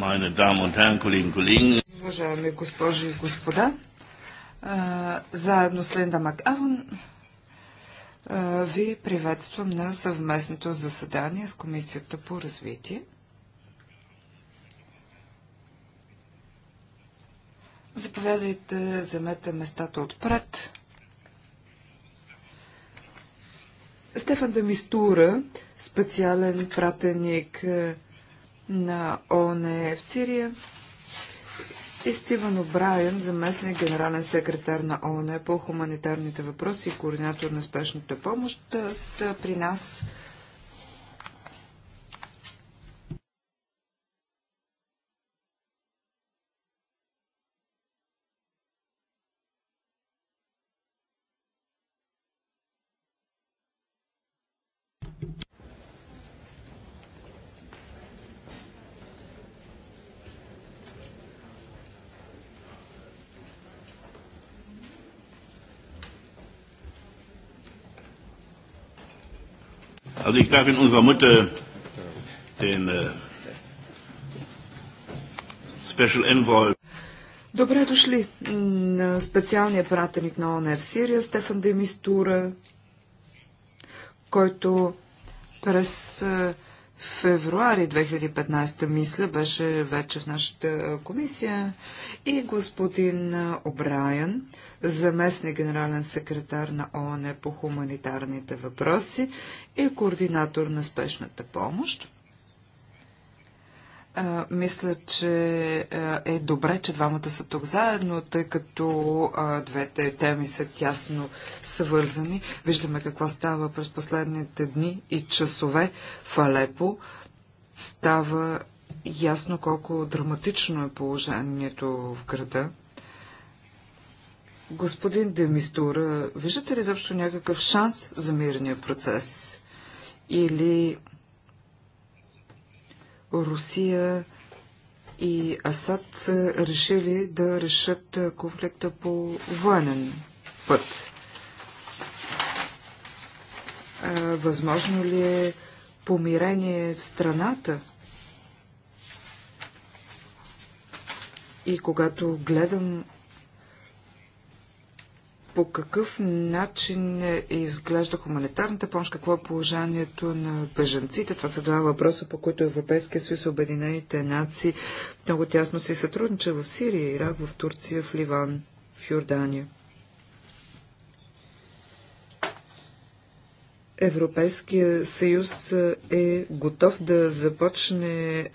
meine Damen und Herren, Kollegen, Kollegen. Уважаеми госпожи и господа, заедно с Линда Макавън ви приветствам на съвместното заседание с Комисията по развитие. Заповядайте, вземете местата отпред. Стефан Дамистура, специален пратеник на ООН в Сирия и Стивън О'Брайен, заместник генерален секретар на ООН по хуманитарните въпроси и координатор на спешната помощ, са при нас ich darf in unserer Mutter den äh, Special Envoy. Добре дошли на специалния пратеник на ОНЕ в Сирия, Стефан Демистура, който през февруари 2015, мисля, беше вече в нашата комисия и господин Обраян, заместник генерален секретар на ООН по хуманитарните въпроси и координатор на спешната помощ мисля, че е добре, че двамата са тук заедно, тъй като двете теми са тясно свързани. Виждаме какво става през последните дни и часове в Алепо. Става ясно колко драматично е положението в града. Господин Демистура, виждате ли заобщо някакъв шанс за мирния процес? Или Русия и Асад са решили да решат конфликта по военен път. Възможно ли е помирение в страната? И когато гледам по какъв начин изглежда хуманитарната помощ, какво е положението на бежанците. Това са два въпроса, по които Европейския съюз и Обединените нации много тясно си сътрудничат в Сирия, Ирак, в Турция, в Ливан, в Йордания. Европейския съюз е готов да започне е,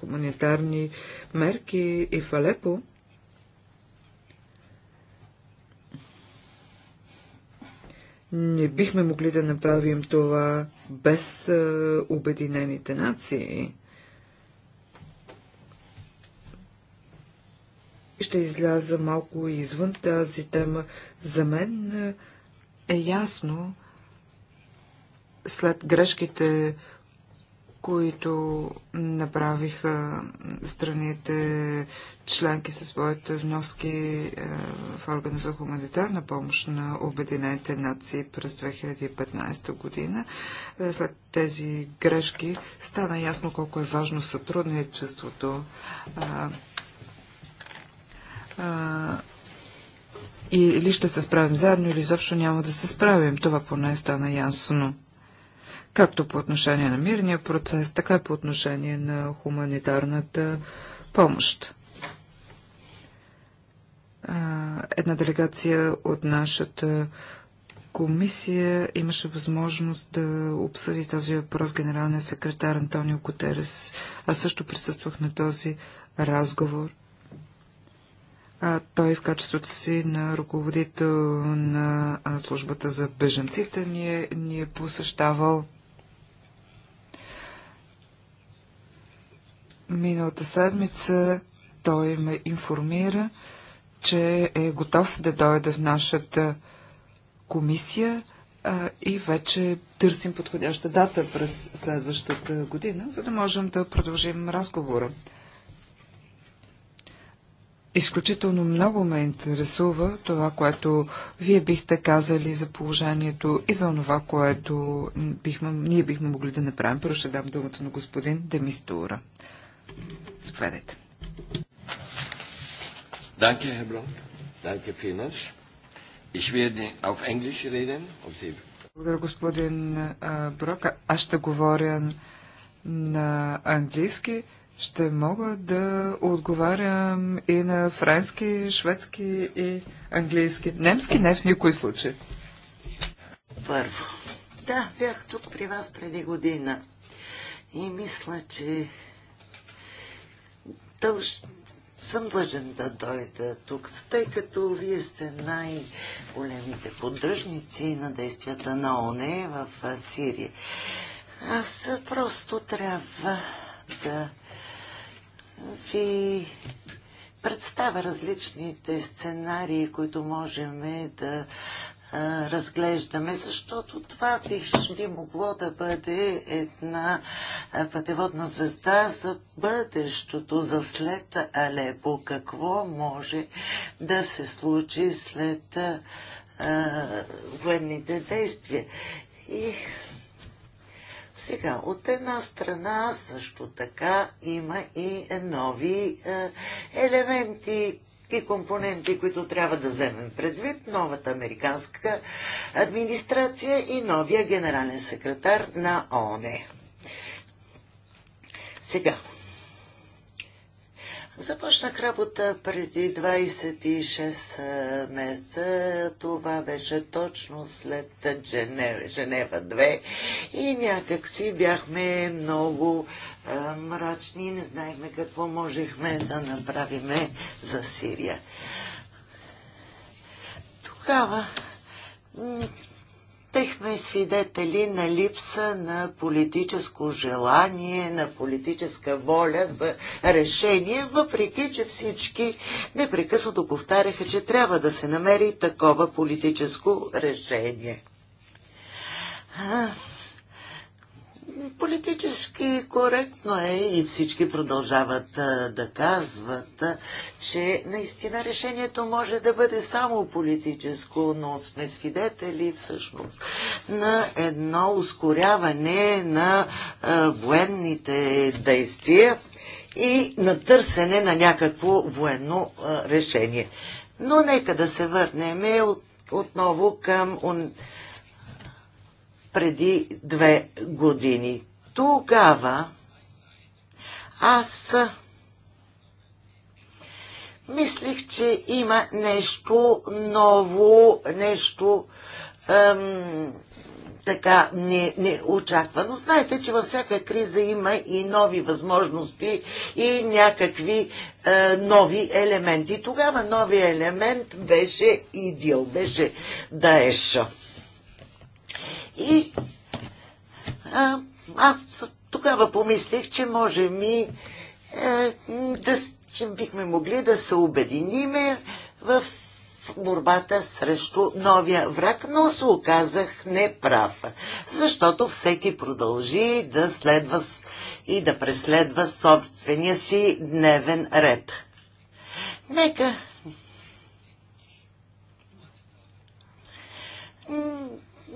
хуманитарни мерки и в Алепо. Не бихме могли да направим това без а, е, Обединените нации. Ще изляза малко извън тази тема. За мен е, е ясно, след грешките, които направиха страните членки със своите вноски е, в органа за хуманитарна помощ на Обединените нации през 2015 година. Е, след тези грешки стана ясно колко е важно сътрудничеството е, или ще се справим заедно, или изобщо няма да се справим. Това поне стана ясно както по отношение на мирния процес, така и по отношение на хуманитарната помощ. Една делегация от нашата комисия имаше възможност да обсъди този въпрос генералния секретар Антонио Котерес. Аз също присъствах на този разговор. А той в качеството си на ръководител на службата за беженците ни е, ни е посещавал Миналата седмица той ме информира, че е готов да дойде в нашата комисия а, и вече търсим подходяща дата през следващата година, за да можем да продължим разговора. Изключително много ме интересува това, което вие бихте казали за положението и за това, което бихме, ние бихме могли да направим. Първо ще дам думата на господин Демистура. Заповядайте. Danke, Herr Blank. Danke vielmals. Ich werde auf Englisch reden. Auf Sie. Благодаря, господин Брок. Аз ще говоря на английски. Ще мога да отговарям и на френски, шведски и английски. Немски не в никой случай. Първо. Да, бях тук при вас преди година. И мисля, че дълж, съм длъжен да дойда тук, тъй като вие сте най-големите поддръжници на действията на ОНЕ в Сирия. Аз просто трябва да ви представя различните сценарии, които можем да разглеждаме, защото това би, би могло да бъде една пътеводна звезда за бъдещето, за след Алепо. Какво може да се случи след а, военните действия? И сега, от една страна също така има и нови а, елементи, всички компоненти, които трябва да вземем предвид, новата американска администрация и новия генерален секретар на ООН. Сега, Започнах работа преди 26 месеца. Това беше точно след Женева, 2 и някак си бяхме много а, мрачни и не знаехме какво можехме да направиме за Сирия. Тогава Техме свидетели на липса на политическо желание, на политическа воля за решение, въпреки че всички непрекъснато повтаряха, че трябва да се намери такова политическо решение. Политически коректно е и всички продължават да казват, че наистина решението може да бъде само политическо, но сме свидетели всъщност на едно ускоряване на военните действия и на търсене на някакво военно решение. Но нека да се върнем от отново към преди две години. Тогава аз мислих, че има нещо ново, нещо ем, така не, не Знаете, че във всяка криза има и нови възможности и някакви е, нови елементи. Тогава новия елемент беше идил, беше Даеша. И а, аз тогава помислих, че може ми а, е, да, че бихме могли да се обединиме в борбата срещу новия враг, но се оказах неправ, защото всеки продължи да следва и да преследва собствения си дневен ред. Нека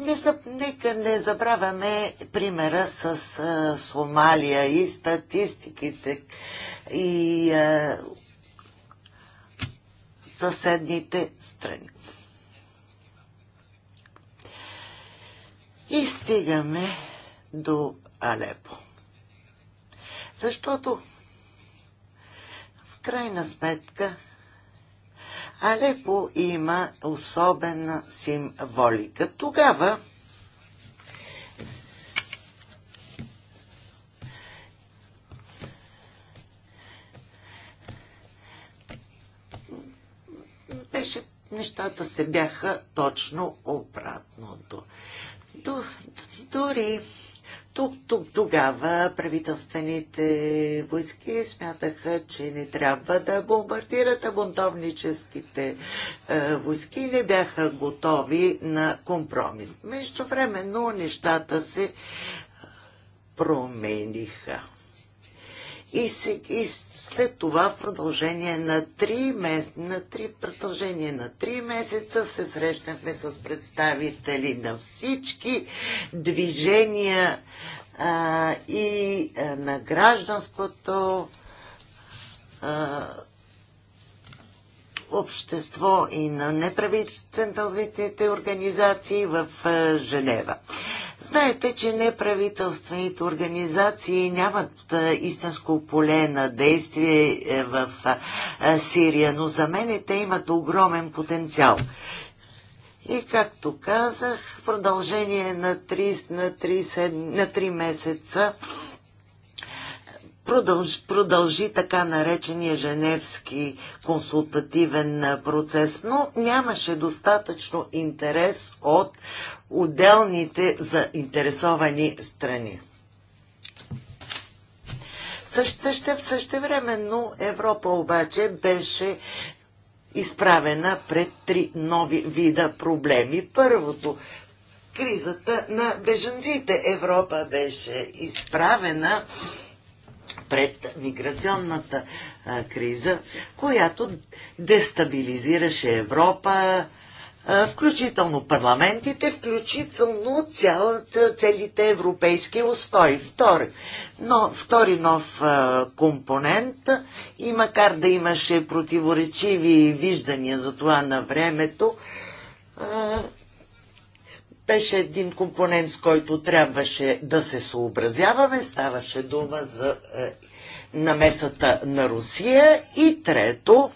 не, нека не забравяме примера с а, Сомалия и статистиките и а, съседните страни. И стигаме до Алепо. Защото в крайна сметка Алепо има особена символика. Тогава беше, нещата се бяха точно обратното. Дори тук, тук тогава правителствените войски смятаха, че не трябва да бомбардират, бунтовническите е, войски не бяха готови на компромис. Между времено нещата се промениха. И, сег, и след това в продължение на три, мес, на три, продължение на три месеца се срещнахме с представители на всички движения а, и а, на гражданското а, общество и на неправителствените организации в е, Женева. Знаете, че неправителствените организации нямат е, истинско поле на действие е, в Сирия, но за мен те имат огромен потенциал. И както казах, в продължение на 3, на 3, на 3 месеца продължи, продължи така наречения женевски консултативен процес, но нямаше достатъчно интерес от отделните заинтересовани страни. Също, същевременно Европа обаче беше изправена пред три нови вида проблеми. Първото кризата на бежанците. Европа беше изправена пред миграционната а, криза, която дестабилизираше Европа, а, включително парламентите, включително цялата, целите европейски устои. Втори, но, втори нов а, компонент и макар да имаше противоречиви виждания за това на времето, беше един компонент, с който трябваше да се съобразяваме. Ставаше дума за е, намесата на Русия. И трето,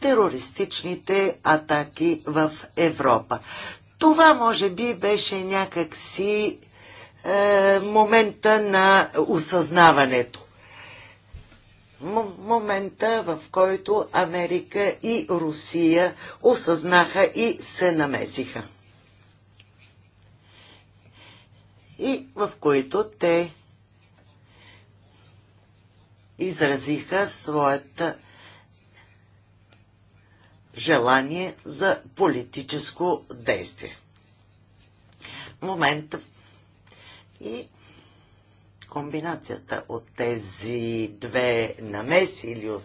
терористичните атаки в Европа. Това може би беше някакси е, момента на осъзнаването момента, в който Америка и Русия осъзнаха и се намесиха. И в които те изразиха своята желание за политическо действие. Момент и комбинацията от тези две намеси или от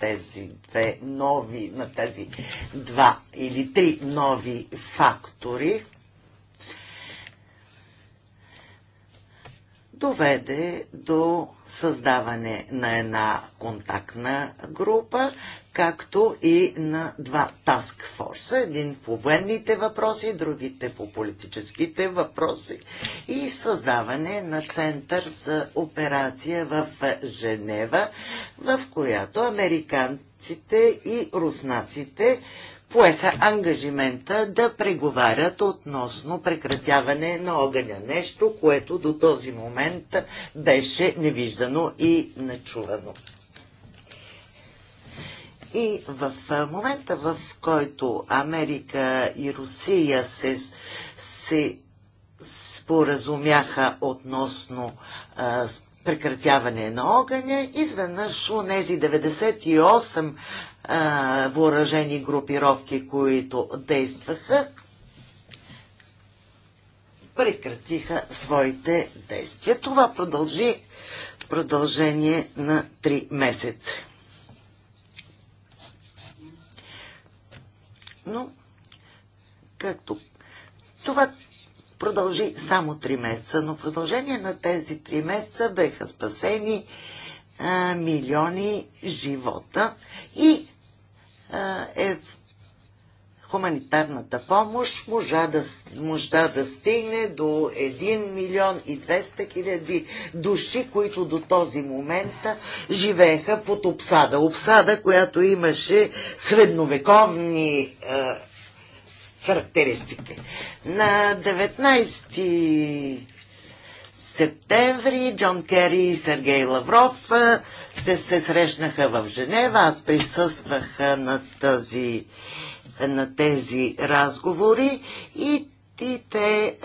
тези две нови, на тези два или три нови фактори доведе до създаване на една контактна група, както и на два таск форса. Един по военните въпроси, другите по политическите въпроси и създаване на център за операция в Женева, в която американците и руснаците поеха ангажимента да преговарят относно прекратяване на огъня. Нещо, което до този момент беше невиждано и начувано. И в момента, в който Америка и Русия се, се споразумяха относно а, прекратяване на огъня, изведнъж у нези 98 а, въоръжени групировки, които действаха, прекратиха своите действия. Това продължи продължение на 3 месеца. Но, както това, продължи само 3 месеца, но продължение на тези 3 месеца беха спасени а, милиони живота и а, е, хуманитарната помощ можа да, можа да стигне до 1 милион и 200 хиляди души, които до този момент живееха под обсада. Обсада, която имаше средновековни а, характеристики. На 19 септември Джон Кери и Сергей Лавров се, се срещнаха в Женева. Аз присъствах на, тази, на тези разговори и, и те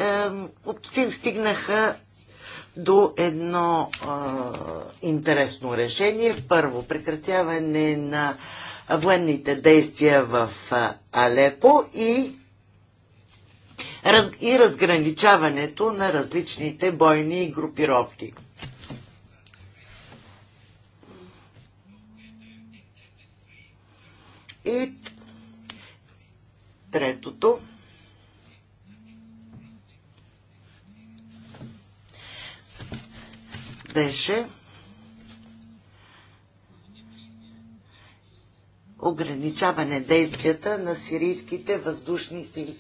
е, стигнаха до едно е, интересно решение. В първо, прекратяване на военните действия в Алепо и и разграничаването на различните бойни групировки. И третото. Беше ограничаване действията на сирийските въздушни сили.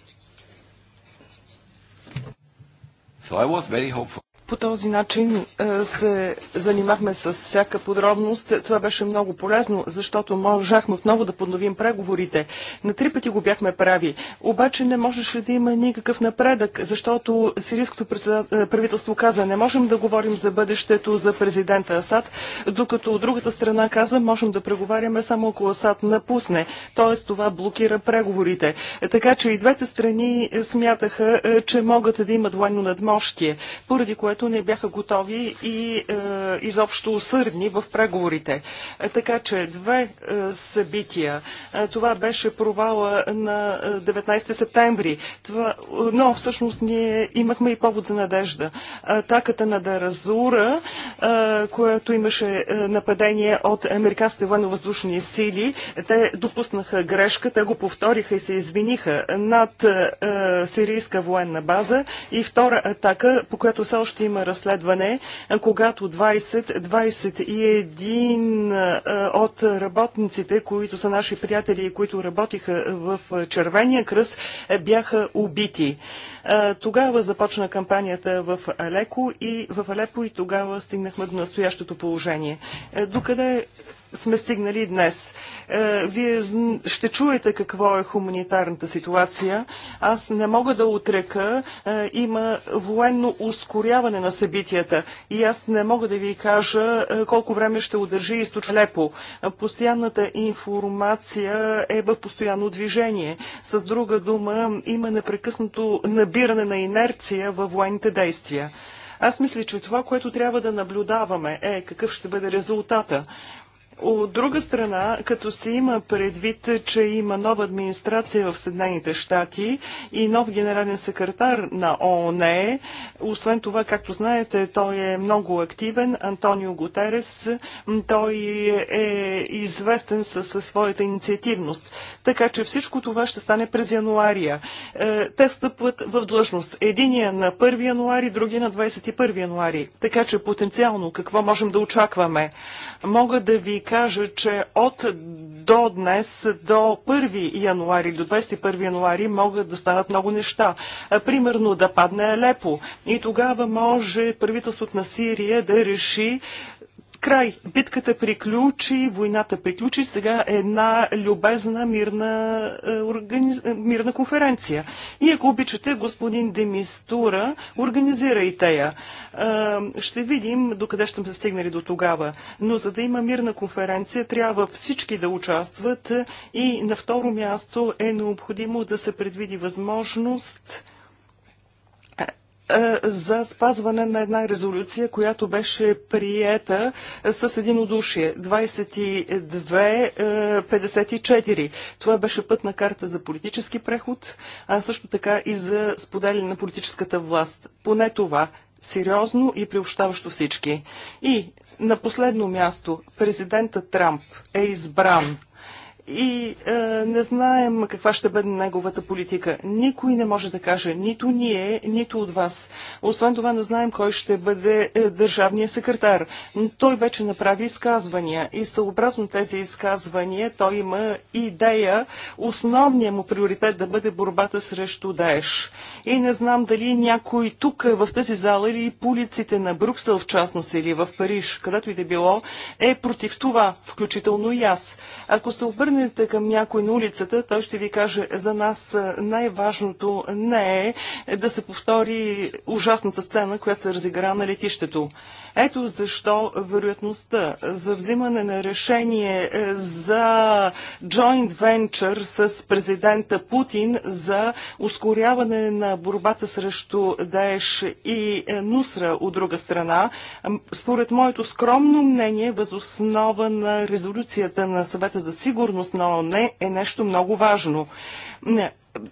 So I was very hopeful. По този начин е, се занимахме с всяка подробност. Това беше много полезно, защото можахме отново да подновим преговорите. На три пъти го бяхме прави. Обаче не можеше да има никакъв напредък, защото сирийското е, правителство каза, не можем да говорим за бъдещето за президента Асад, докато от другата страна каза, можем да преговаряме само ако Асад напусне. Тоест това блокира преговорите. Е, така че и двете страни смятаха, че могат да имат военно надмощие, поради което което не бяха готови и е, изобщо усърдни в преговорите. Е, така че две е, събития. Е, това беше провала на 19 е, септември. Това, но всъщност ние имахме и повод за надежда. Атаката на Даразура, е, която имаше нападение от американските военно-въздушни сили, те допуснаха грешка, те го повториха и се извиниха над е, сирийска военна база и втора атака, по която все още има разследване, когато 20-21 от работниците, които са наши приятели и които работиха в Червения кръст, е, бяха убити. Тогава започна кампанията в Алеко и в Алепо и тогава стигнахме до настоящото положение. Е, докъде сме стигнали днес. Е, вие ще чуете какво е хуманитарната ситуация. Аз не мога да отрека. Е, има военно ускоряване на събитията. И аз не мога да ви кажа е, колко време ще удържи източ Лепо. Постоянната информация е в постоянно движение. С друга дума, има непрекъснато набиране на инерция във военните действия. Аз мисля, че това, което трябва да наблюдаваме е какъв ще бъде резултата. От друга страна, като се има предвид, че има нова администрация в Съединените щати и нов генерален секретар на ООН, освен това, както знаете, той е много активен, Антонио Гутерес, той е известен със, своята инициативност. Така че всичко това ще стане през януария. Е, те встъпват в длъжност. Единия на 1 януари, другия на 21 януари. Така че потенциално какво можем да очакваме? Мога да ви кажа, че от до днес, до 1 януари, до 21 януари могат да станат много неща. Примерно да падне Алепо и тогава може правителството на Сирия да реши край. Битката приключи, войната приключи, сега е една любезна мирна, е, организ... Е, мирна конференция. И ако обичате, господин Демистура, организирайте я. Е, ще видим докъде ще сме стигнали до тогава. Но за да има мирна конференция, трябва всички да участват и на второ място е необходимо да се предвиди възможност е, за спазване на една резолюция, която беше приета е, с единодушие 22-54. Е, това беше пътна карта за политически преход, а също така и за споделяне на политическата власт. Поне това сериозно и приобщаващо всички. И на последно място президента Трамп е избран и е, не знаем каква ще бъде неговата политика. Никой не може да каже, нито ние, нито от вас. Освен това не знаем кой ще бъде е, държавният секретар. Той вече направи изказвания и съобразно тези изказвания той има идея основният му приоритет да бъде борбата срещу Даеш. И не знам дали някой тук е, в тази зала или по улиците на Бруксел, в частност или в Париж, където и да било, е против това, включително и аз. Ако се обърне обърнете към някой на улицата, той ще ви каже, за нас най-важното не е да се повтори ужасната сцена, която се разигра на летището. Ето защо вероятността за взимане на решение е, за joint venture с президента Путин за ускоряване на борбата срещу Даеш и е, Нусра от друга страна, според моето скромно мнение, възоснова на резолюцията на съвета за сигурност, на ООН е нещо много важно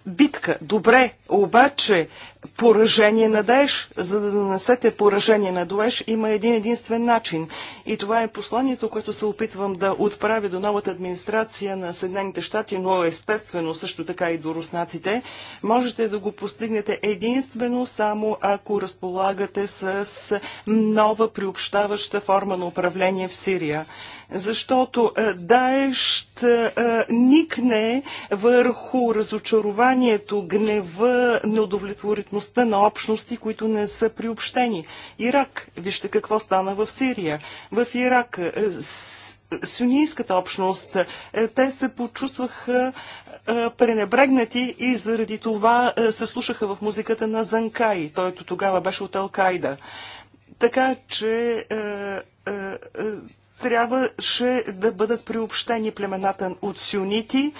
битка. Добре, обаче поражение на Даеш, за да нанесете поражение на Даеш, има един единствен начин. И това е посланието, което се опитвам да отправя до новата администрация на Съединените щати, но естествено също така и до руснаците. Можете да го постигнете единствено само ако разполагате с нова приобщаваща форма на управление в Сирия. Защото е, Даеш е, е, никне върху разочарованието, гнева, неудовлетворитността на общности, които не са приобщени. Ирак, вижте какво стана в Сирия. В Ирак е, сунийската общност. Е, те се почувстваха е, пренебрегнати и заради това се слушаха в музиката на Занкай. Тойто тогава беше от Алкайда. Така че е, е, трябваше да бъдат приобщени племената от сюнити.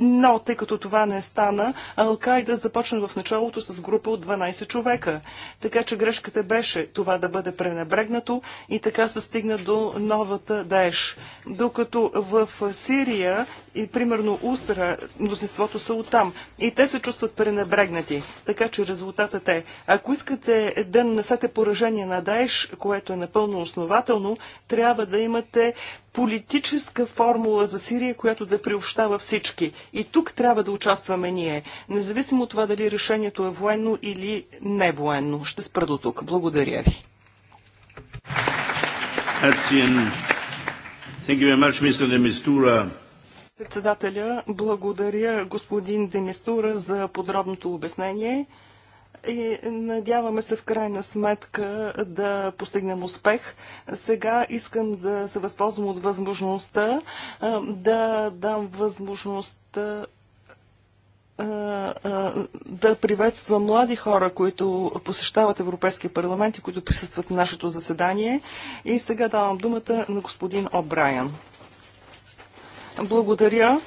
Но, тъй като това не стана, Алкайда започна в началото с група от 12 човека. Така че грешката беше това да бъде пренебрегнато и така се стигна до новата Даеш. Докато в Сирия и примерно Устра, мнозинството са оттам. И те се чувстват пренебрегнати. Така че резултатът е, ако искате да нанесете поражение на Даеш, което е напълно основателно, трябва да имате политическа формула за Сирия, която да приобщава всички. И тук трябва да участваме ние, независимо от това дали решението е военно или не военно. Ще спра до тук. Благодаря ви. Председателя, благодаря господин Демистура за подробното обяснение и надяваме се в крайна сметка да постигнем успех. Сега искам да се възползвам от възможността да дам възможността да приветства млади хора, които посещават Европейския парламент и които присъстват на нашето заседание. И сега давам думата на господин О'Брайан. Благодаря.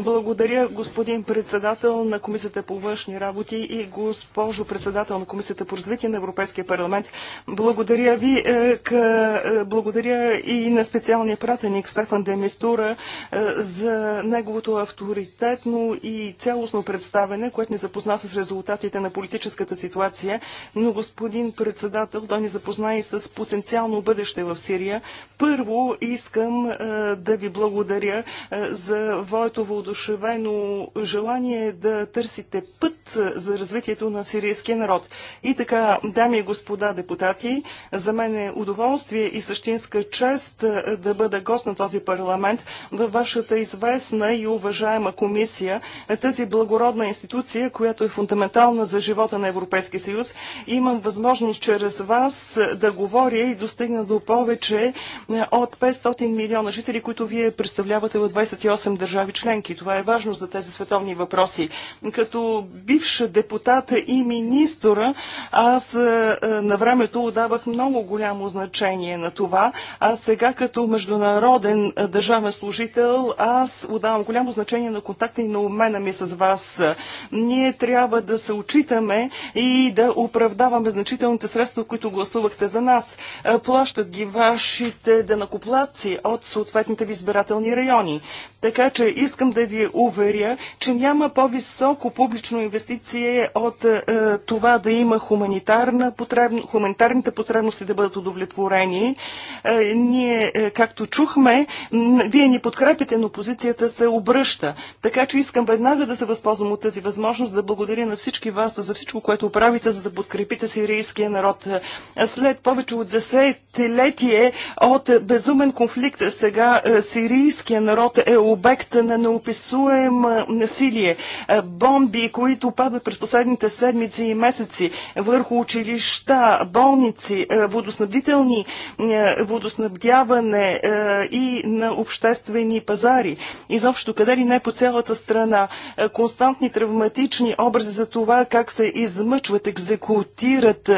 Благодаря, господин председател на Комисията по външни работи и госпожо председател на Комисията по развитие на Европейския парламент. Благодаря ви, е, е, благодаря и на специалния пратеник Стефан Демистура е, за неговото авторитетно и цялостно представене, което ни запозна с резултатите на политическата ситуация. Но господин председател, той ни запозна и с потенциално бъдеще в Сирия. Първо искам да ви благодаря за Войтово неодушевено желание да търсите път за развитието на сирийския народ. И така, дами и господа депутати, за мен е удоволствие и същинска чест да бъда гост на този парламент във вашата известна и уважаема комисия, тази благородна институция, която е фундаментална за живота на Европейския съюз. Имам възможност чрез вас да говоря и достигна до повече от 500 милиона жители, които вие представлявате в 28 държави членки и Това е важно за тези световни въпроси. Като бивша депутата и министра, аз е, е, на времето отдавах много голямо значение на това, а сега като международен е, държавен служител, аз отдавам голямо значение на контакта и на обмена ми с вас. Ние трябва да се очитаме и да оправдаваме значителните средства, които гласувахте за нас. Плащат ги вашите денакоплаци от съответните ви избирателни райони. Така че искам да ви уверя, че няма по-високо публично инвестиция от е, това да има хуманитарна потребно, хуманитарните потребности да бъдат удовлетворени. Е, ние, е, както чухме, вие ни подкрепите, но позицията се обръща. Така че искам веднага да се възползвам от тази възможност да благодаря на всички вас за всичко, което правите, за да подкрепите сирийския народ. Е, след повече от десетилетие от безумен конфликт, сега е, сирийския народ е обект на неопределение неописуемо насилие, е, бомби, които падат през последните седмици и месеци върху училища, болници, е, водоснабдителни, е, водоснабдяване и на обществени пазари. Изобщо къде ли не по цялата страна. Константни травматични образи за това как се измъчват, екзекутират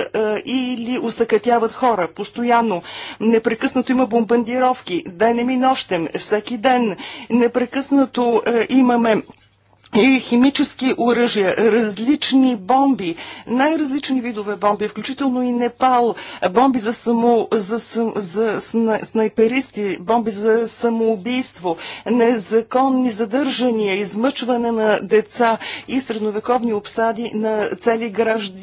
или усъкътяват хора постоянно. Непрекъснато има бомбандировки, денем и нощем, всеки ден. Непрекъснато е, имаме и химически оръжия, различни бомби, най-различни видове бомби, включително и Непал, бомби за, само, за, за снайперисти, бомби за самоубийство, незаконни задържания, измъчване на деца и средновековни обсади на цели, гражд...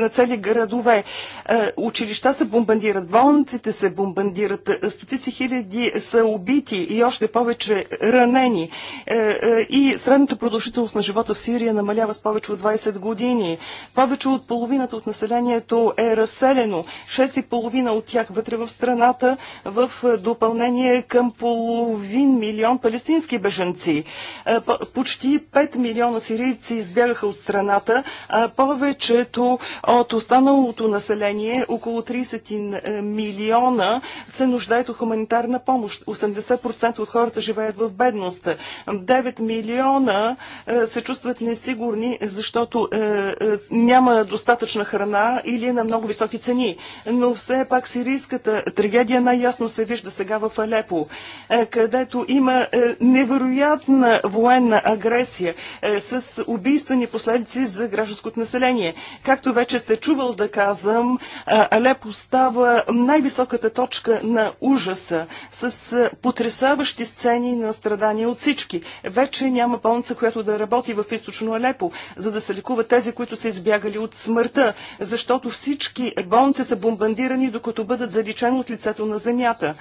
на цели градове. Е, училища се бомбандират, болниците се бомбандират, стотици хиляди са убити и още повече ранени. Е, е, и средното продължение Продължителност на живота в Сирия намалява с повече от 20 години. Повече от половината от населението е разселено. 6,5 от тях вътре в страната в допълнение към половин милион палестински беженци. Е, почти 5 милиона сирийци избягаха от страната, а повечето от останалото население, около 30 е, милиона, се нуждаят от хуманитарна помощ. 80% от хората живеят в бедност. 9 милиона е, се чувстват несигурни, защото е, е, няма достатъчна храна или на много високи цени. Но все пак сирийската трагедия най-ясно се вижда сега в Алепо, където има невероятна военна агресия с убийствени последици за гражданското население. Както вече сте чувал да казвам, Алепо става най-високата точка на ужаса с потрясаващи сцени на страдания от всички. Вече няма болница, която да работи в източно Алепо, за да се лекуват тези, които са избягали от смъртта, защото всички болници са бомбандирани, докато бъдат заличени от лицето на земята.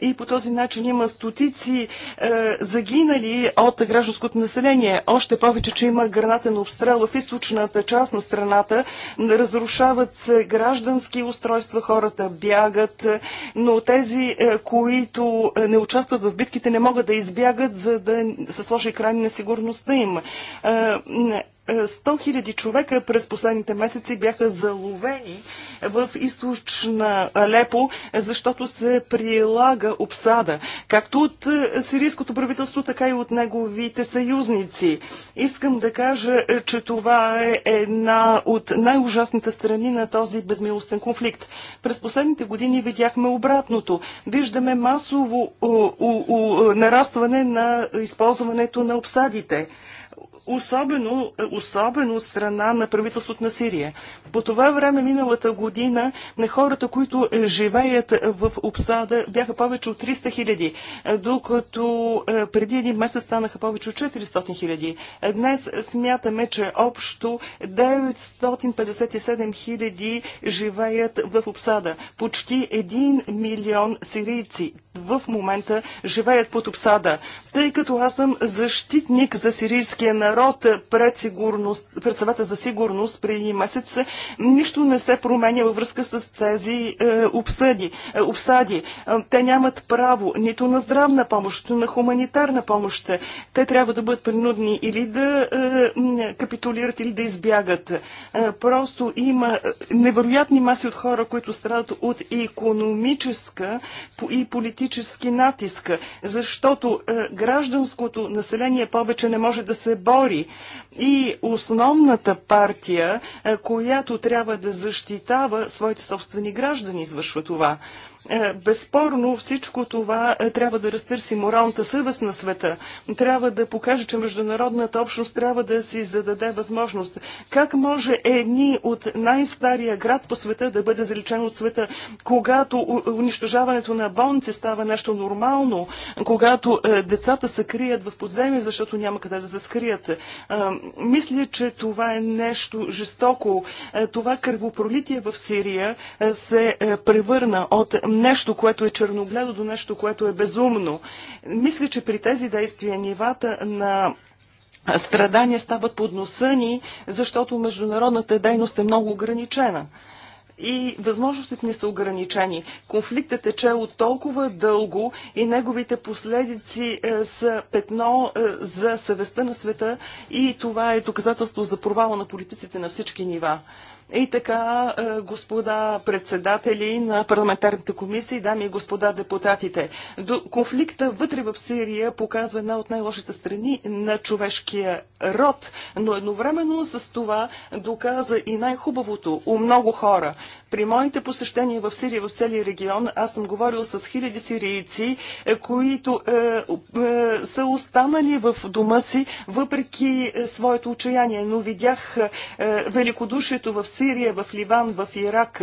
И по този начин има стотици е, загинали от гражданското население. Още повече, че има гранатен обстрел в източната част на страната. Разрушават се граждански устройства, хората бягат, но тези, е, които не участват в битките, не могат да избягат, за да се сложи край на сигурност простым. 100 000 човека през последните месеци бяха заловени в източна Алепо, защото се прилага обсада, както от е, сирийското правителство, така и от неговите съюзници. Искам да кажа, е, че това е една от най-ужасните страни на този безмилостен конфликт. През последните години видяхме обратното. Виждаме масово нарастване на използването на обсадите особено, е, особено страна на правителството на Сирия. По това време миналата година на хората, които е, живеят е, в обсада, бяха повече от 300 хиляди, докато преди един месец станаха повече от 400 хиляди. Днес смятаме, че общо 957 хиляди живеят в обсада. Почти 1 милион сирийци в момента живеят под обсада. Тъй като аз съм защитник за сирийския народ пред, сигурност, пред съвета за сигурност преди месец, нищо не се променя във връзка с тези е, обсъди, е, обсади. Е, те нямат право нито на здравна помощ, нито на хуманитарна помощ. Те трябва да бъдат принудни или да е, капитулират, или да избягат. Е, просто има е, невероятни маси от хора, които страдат от економическа и политическа политически натиск, защото е, гражданското население повече не може да се бори. И основната партия, е, която трябва да защитава своите собствени граждани, извършва това. Е, безспорно всичко това е, трябва да разтърси моралната съвест на света. Трябва да покаже, че международната общност трябва да си зададе възможност. Как може едни от най-стария град по света да бъде заличен от света, когато унищожаването на болници става нещо нормално, когато е, децата се крият в подземи, защото няма къде да се скрият. Мисля, че това е нещо жестоко. Това кръвопролитие в Сирия се превърна от нещо, което е черногледо, до нещо, което е безумно. Мисля, че при тези действия нивата на страдания стават под носа ни, защото международната дейност е много ограничена и възможностите ни са ограничени. Конфликтът тече от толкова дълго и неговите последици е, са петно е, за съвестта на света и това е доказателство за провала на политиците на всички нива. И така, е, господа председатели на парламентарните комисии, дами и господа депутатите, конфликта вътре в Сирия показва една от най-лошите страни на човешкия род, но едновременно с това доказа и най-хубавото у много хора. При моите посещения в Сирия, в целия регион, аз съм говорил с хиляди сирийци, е, които е, е, са останали в дома си, въпреки е, своето отчаяние, но видях е, великодушието в Сирия Сирия, в Ливан, в Ирак.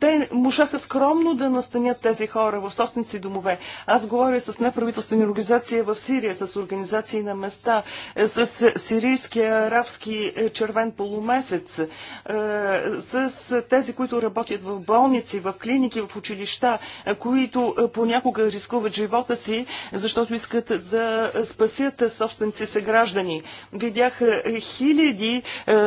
Те можаха скромно да настанят тези хора в собственици домове. Аз говоря с неправителствени организации в Сирия, с организации на места, е, с е, сирийския арабски е, червен полумесец, с тези, които работят в болници, в клиники, в училища, които понякога рискуват живота си, защото искат да спасят собственици се граждани. Видях хиляди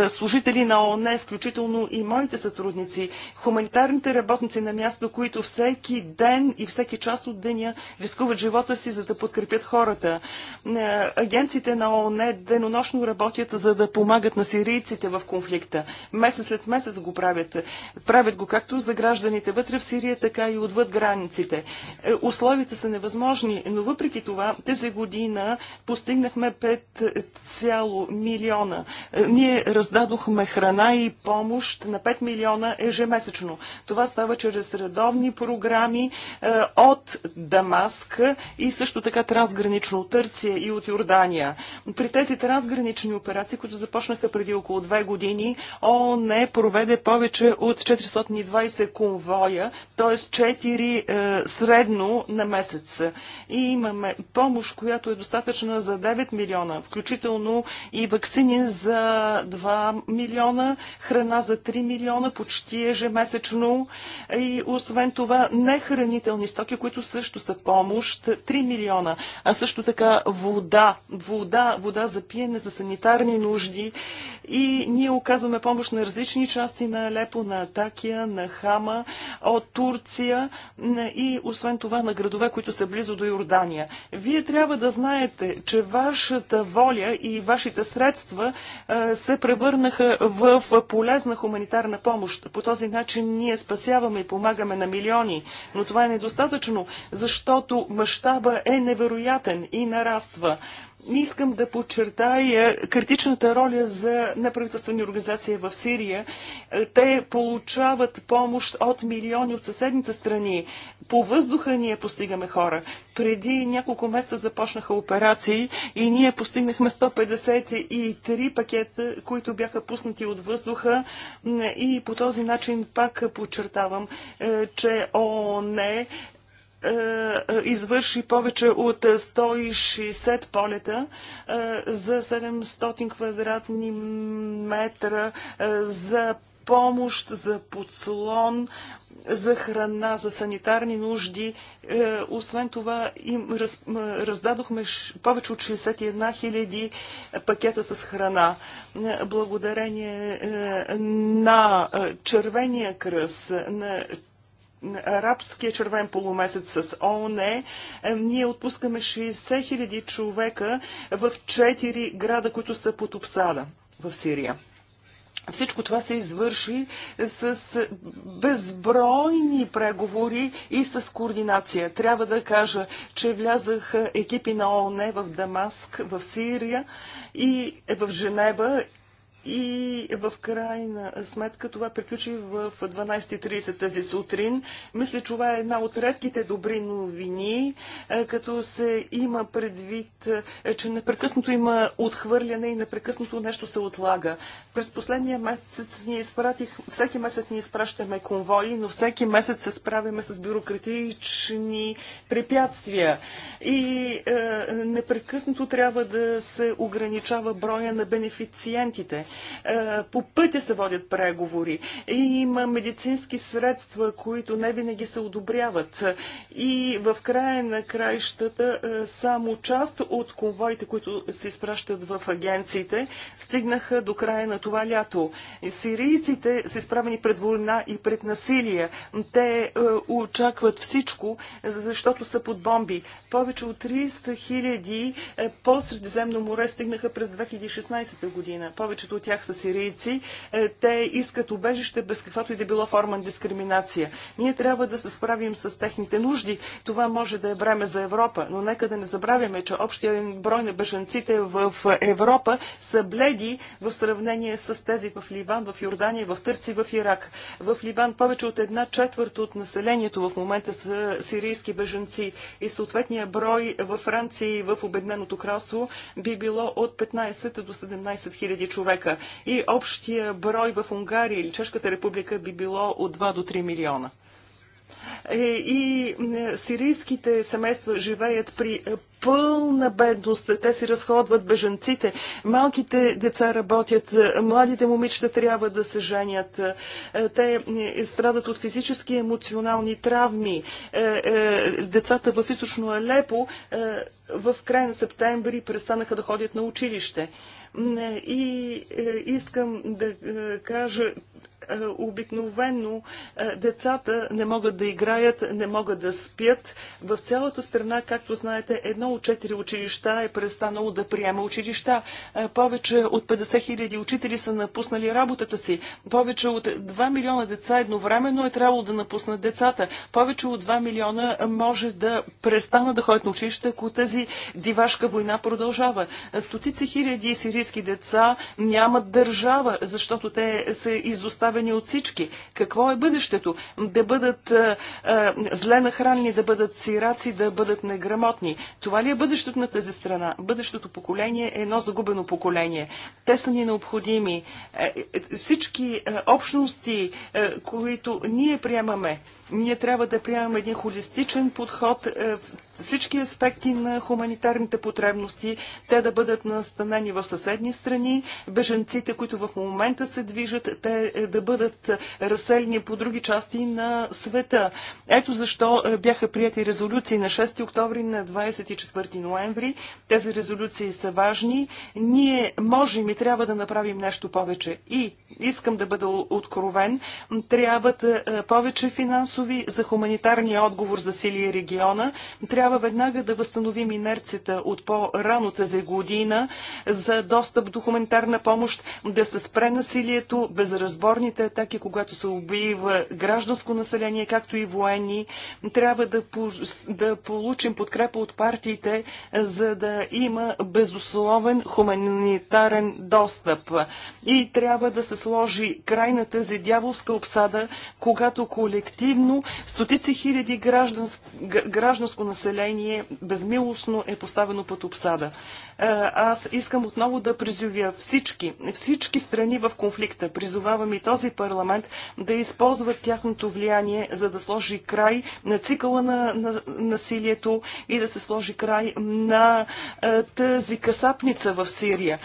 служители на ОНЕ, включително и моите сътрудници, хуманитарните работници на място, които всеки ден и всеки час от деня рискуват живота си, за да подкрепят хората. Е, Агенците на ООН денонощно работят, за да помагат на сирийците в конфликта. Месец след месец го правят. Правят го както за гражданите вътре в Сирия, така и отвъд границите. Е, условията са невъзможни, но въпреки това тези година постигнахме 5 цяло милиона. Е, ние раздадохме храна и помощ помощ на 5 милиона ежемесечно. Това става чрез редовни програми е, от Дамаск и също така трансгранично от Търция и от Йордания. При тези трансгранични операции, които започнаха преди около 2 години, ООН е проведе повече от 420 конвоя, т.е. 4 е, средно на месец. И имаме помощ, която е достатъчна за 9 милиона, включително и вакцини за 2 милиона, храна за 3 милиона почти ежемесечно и освен това нехранителни стоки, които също са помощ 3 милиона, а също така вода, вода, вода за пиене, за санитарни нужди и ние оказваме помощ на различни части на Лепо, на Атакия, на Хама, от Турция и освен това на градове, които са близо до Йордания. Вие трябва да знаете, че вашата воля и вашите средства се превърнаха в полезна хуманитарна хуманитарна помощ. По този начин ние спасяваме и помагаме на милиони, но това е недостатъчно, защото мащаба е невероятен и нараства. Не искам да подчертая критичната роля за неправителствени организации в Сирия. Те получават помощ от милиони от съседните страни. По въздуха ние постигаме хора. Преди няколко месеца започнаха операции и ние постигнахме 153 пакета, които бяха пуснати от въздуха и по този начин пак подчертавам, е, че ООН е, е, извърши повече от 160 полета е, за 700 квадратни метра за помощ, за подслон, за храна, за санитарни нужди. Освен това, им раз, раздадохме повече от 61 хиляди пакета с храна. Благодарение на Червения кръс, на арабския червен полумесец с ООН, е, ние отпускаме 60 хиляди човека в 4 града, които са под обсада в Сирия. Всичко това се извърши с безбройни преговори и с координация. Трябва да кажа, че влязах е, екипи на ООН в Дамаск, в Сирия и е, в Женева и в крайна сметка това приключи в 12.30 тази сутрин. Мисля, че това е една от редките добри новини, е, като се има предвид, е, че непрекъснато има отхвърляне и непрекъснато нещо се отлага. През последния месец ние изпратих, всеки месец ние изпращаме конвои, но всеки месец се справяме с бюрократични препятствия. И е, непрекъснато трябва да се ограничава броя на бенефициентите. Е, по пътя се водят преговори. Има медицински средства, които не винаги се одобряват. И в края на краищата е, само част от конвоите, които се изпращат в агенциите, стигнаха до края на това лято. Сирийците са изправени пред война и пред насилие. Те е, очакват всичко, защото са под бомби. Повече от 300 хиляди по Средиземно море стигнаха през 2016 година. Повечето от от тях са сирийци. Е, те искат убежище без каквато и да било форма на дискриминация. Ние трябва да се справим с техните нужди. Това може да е време за Европа, но нека да не забравяме, че общия брой на бежанците в Европа са бледи в сравнение с тези в Ливан, в Йордания, в Търци, в Ирак. В Ливан повече от една четвърта от населението в момента са сирийски бежанци и съответния брой във Франция и в Обедненото кралство би било от 15 до 17 хиляди човека република и общия брой в Унгария или Чешката република би било от 2 до 3 милиона. Е, и е, сирийските семейства живеят при е, пълна бедност. Те си разходват бежанците. Малките деца работят. Младите момичета трябва да се женят. Те страдат от физически и емоционални травми. Децата в източно Алепо в края на септември престанаха да ходят на училище. Е, и е, искам да е, кажа, е, обикновено е, децата не могат да играят, не могат да спят. В цялата страна, както знаете, едно от четири училища е престанало да приема училища. Е, повече от 50 хиляди учители са напуснали работата си. Повече от 2 милиона деца едновременно е трябвало да напуснат децата. Повече от 2 милиона може да престана да ходят на училище, ако тази дивашка война продължава. Стотици хиляди сирийски деца нямат държава, защото те са изоставени поставени от всички. Какво е бъдещето? Да бъдат а, а, зле нахранени, да бъдат сираци, да бъдат неграмотни. Това ли е бъдещето на тази страна? Бъдещото поколение е едно загубено поколение. Те са ни необходими. Е, е, всички е, общности, които ние приемаме, ние трябва да приемаме един холистичен подход всички аспекти на хуманитарните потребности, те да бъдат настанени в съседни страни, беженците, които в момента се движат, те е, да бъдат разселени по други части на света. Ето защо е, бяха прияти резолюции на 6 октомври на 24 ноември. Тези резолюции са важни. Ние можем и трябва да направим нещо повече. И искам да бъда откровен, трябват е, повече финансови за хуманитарния отговор за сили и региона. Трябва трябва веднага да възстановим инерцията от по-раната за година за достъп до хуманитарна помощ, да се спре насилието, безразборните атаки, когато се убива гражданско население, както и военни. Трябва да, да получим подкрепа от партиите, за да има безусловен хуманитарен достъп. И трябва да се сложи край на тази дяволска обсада, когато колективно стотици хиляди гражданско, гражданско население население безмилостно е поставено под обсада. Е, аз искам отново да призовя всички, всички страни в конфликта. Призовавам и този парламент да използват тяхното влияние, за да сложи край на цикъла на, на насилието и да се сложи край на е, тази касапница в Сирия.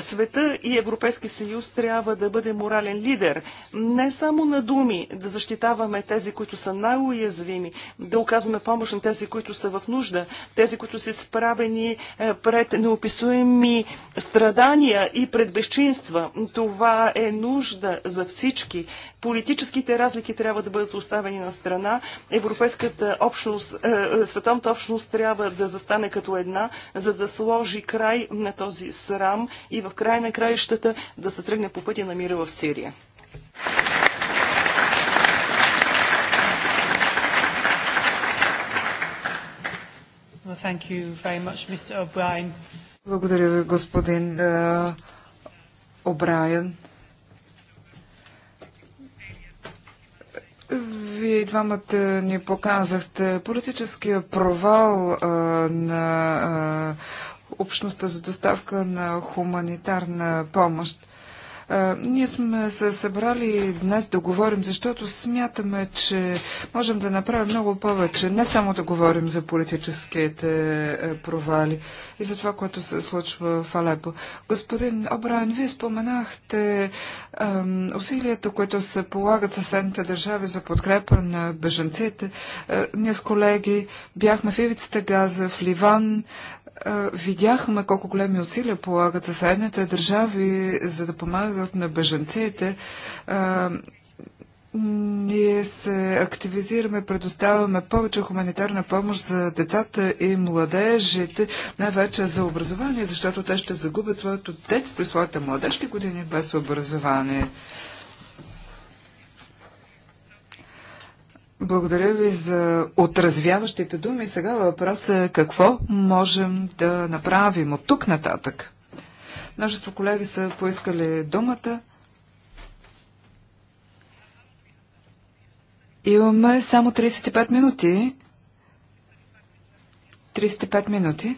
Света и Европейски съюз трябва да бъде морален лидер. Не само на думи да защитаваме тези, които са най-уязвими, да оказваме помощ на тези, които са в нужда, тези, които са справени е, пред неописуеми страдания и пред безчинства. Това е нужда за всички. Политическите разлики трябва да бъдат оставени на страна. Европейската общност, е, е, световната общност трябва да застане като една, за да сложи край на този срам и в края на краищата да се тръгне по пътя на мира в Сирия. Much, Благодаря ви, господин е, Обрайен. Вие двамата ни показахте политическия провал а, е, на а, е, общността за доставка на хуманитарна помощ. Ние сме се събрали днес да говорим, защото смятаме, че можем да направим много повече. Не само да говорим за политическите е, провали и за това, което се случва в Алепо. Господин Обран, вие споменахте ем, усилията, които се полагат съседните държави за подкрепа на бежанците. Е, ние с колеги бяхме в Ивицата Газа, в Ливан, видяхме колко големи усилия полагат съседните държави, за да помагат на бежанците. Ние се активизираме, предоставяме повече хуманитарна помощ за децата и младежите, най-вече за образование, защото те ще загубят своето детство и своите младежки години без образование. Благодаря ви за отразвяващите думи. Сега въпросът е какво можем да направим от тук нататък. Множество колеги са поискали думата. Имаме само 35 минути. 35 минути.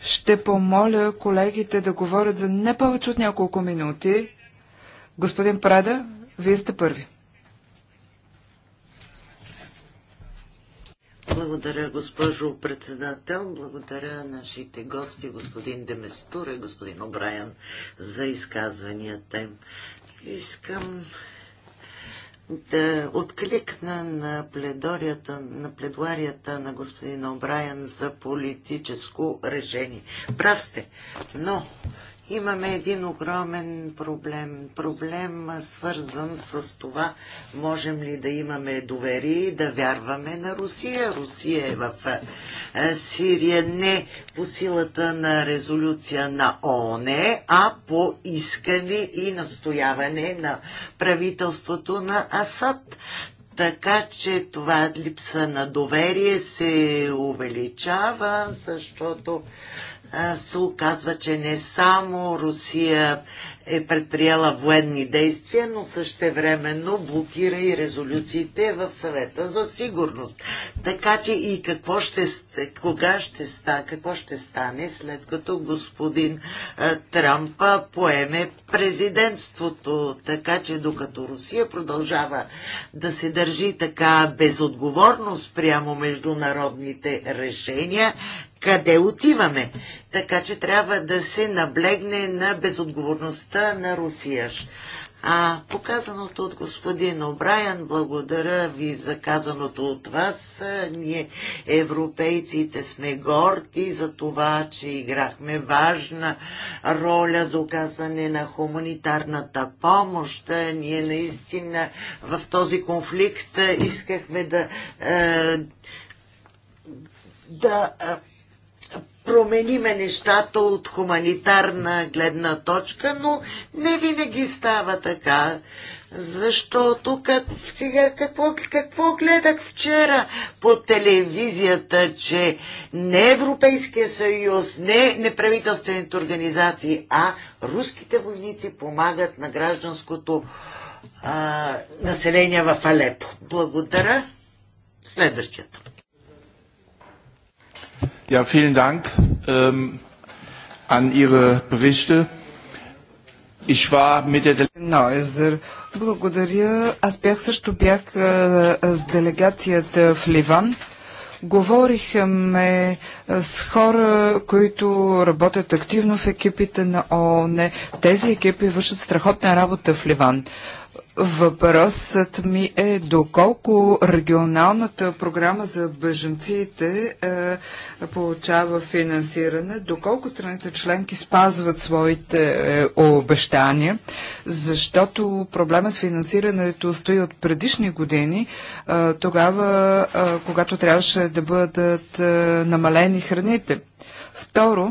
Ще помоля колегите да говорят за не повече от няколко минути. Господин Прада, вие сте първи. Благодаря, госпожо председател. Благодаря нашите гости, господин Деместур и господин Обраян, за изказванията им. Искам да откликна на, пледорията, на пледуарията на господин Обраян за политическо решение. Прав сте, но имаме един огромен проблем. Проблем свързан с това, можем ли да имаме довери, да вярваме на Русия. Русия е в Сирия не по силата на резолюция на ООН, а по искане и настояване на правителството на Асад така че това липса на доверие се увеличава, защото се оказва, че не само Русия е предприела военни действия, но същевременно блокира и резолюциите в съвета за сигурност. Така че и какво ще е, кога ще ста, какво ще стане след като господин е, Трамп е, поеме президентството. Така че докато Русия продължава да се държи така безотговорно спрямо международните решения, къде отиваме. Така че трябва да се наблегне на безотговорността на Русия. А показаното от господин Обраян, благодаря ви за казаното от вас. Ние, европейците, сме горди за това, че играхме важна роля за оказване на хуманитарната помощ. Ние наистина в този конфликт искахме да. Е, да е, промениме нещата от хуманитарна гледна точка, но не винаги става така. Защото как, сега какво, какво гледах вчера по телевизията, че не Европейския съюз, не неправителствените организации, а руските войници помагат на гражданското а, население в Алепо. Благодаря. Следващият. Ja, vielen Dank ähm, an Ihre Berichte. Ich war mit der Нойзер. Благодаря. Аз бях също бях а, с делегацията в Ливан. Говорихме с хора, които работят активно в екипите на ООН. Тези екипи вършат страхотна работа в Ливан. А, Въпросът ми е доколко регионалната програма за бежанците е, получава финансиране, доколко страните членки спазват своите е, обещания, защото проблема с финансирането стои от предишни години, е, тогава, е, когато трябваше да бъдат е, намалени храните. Второ,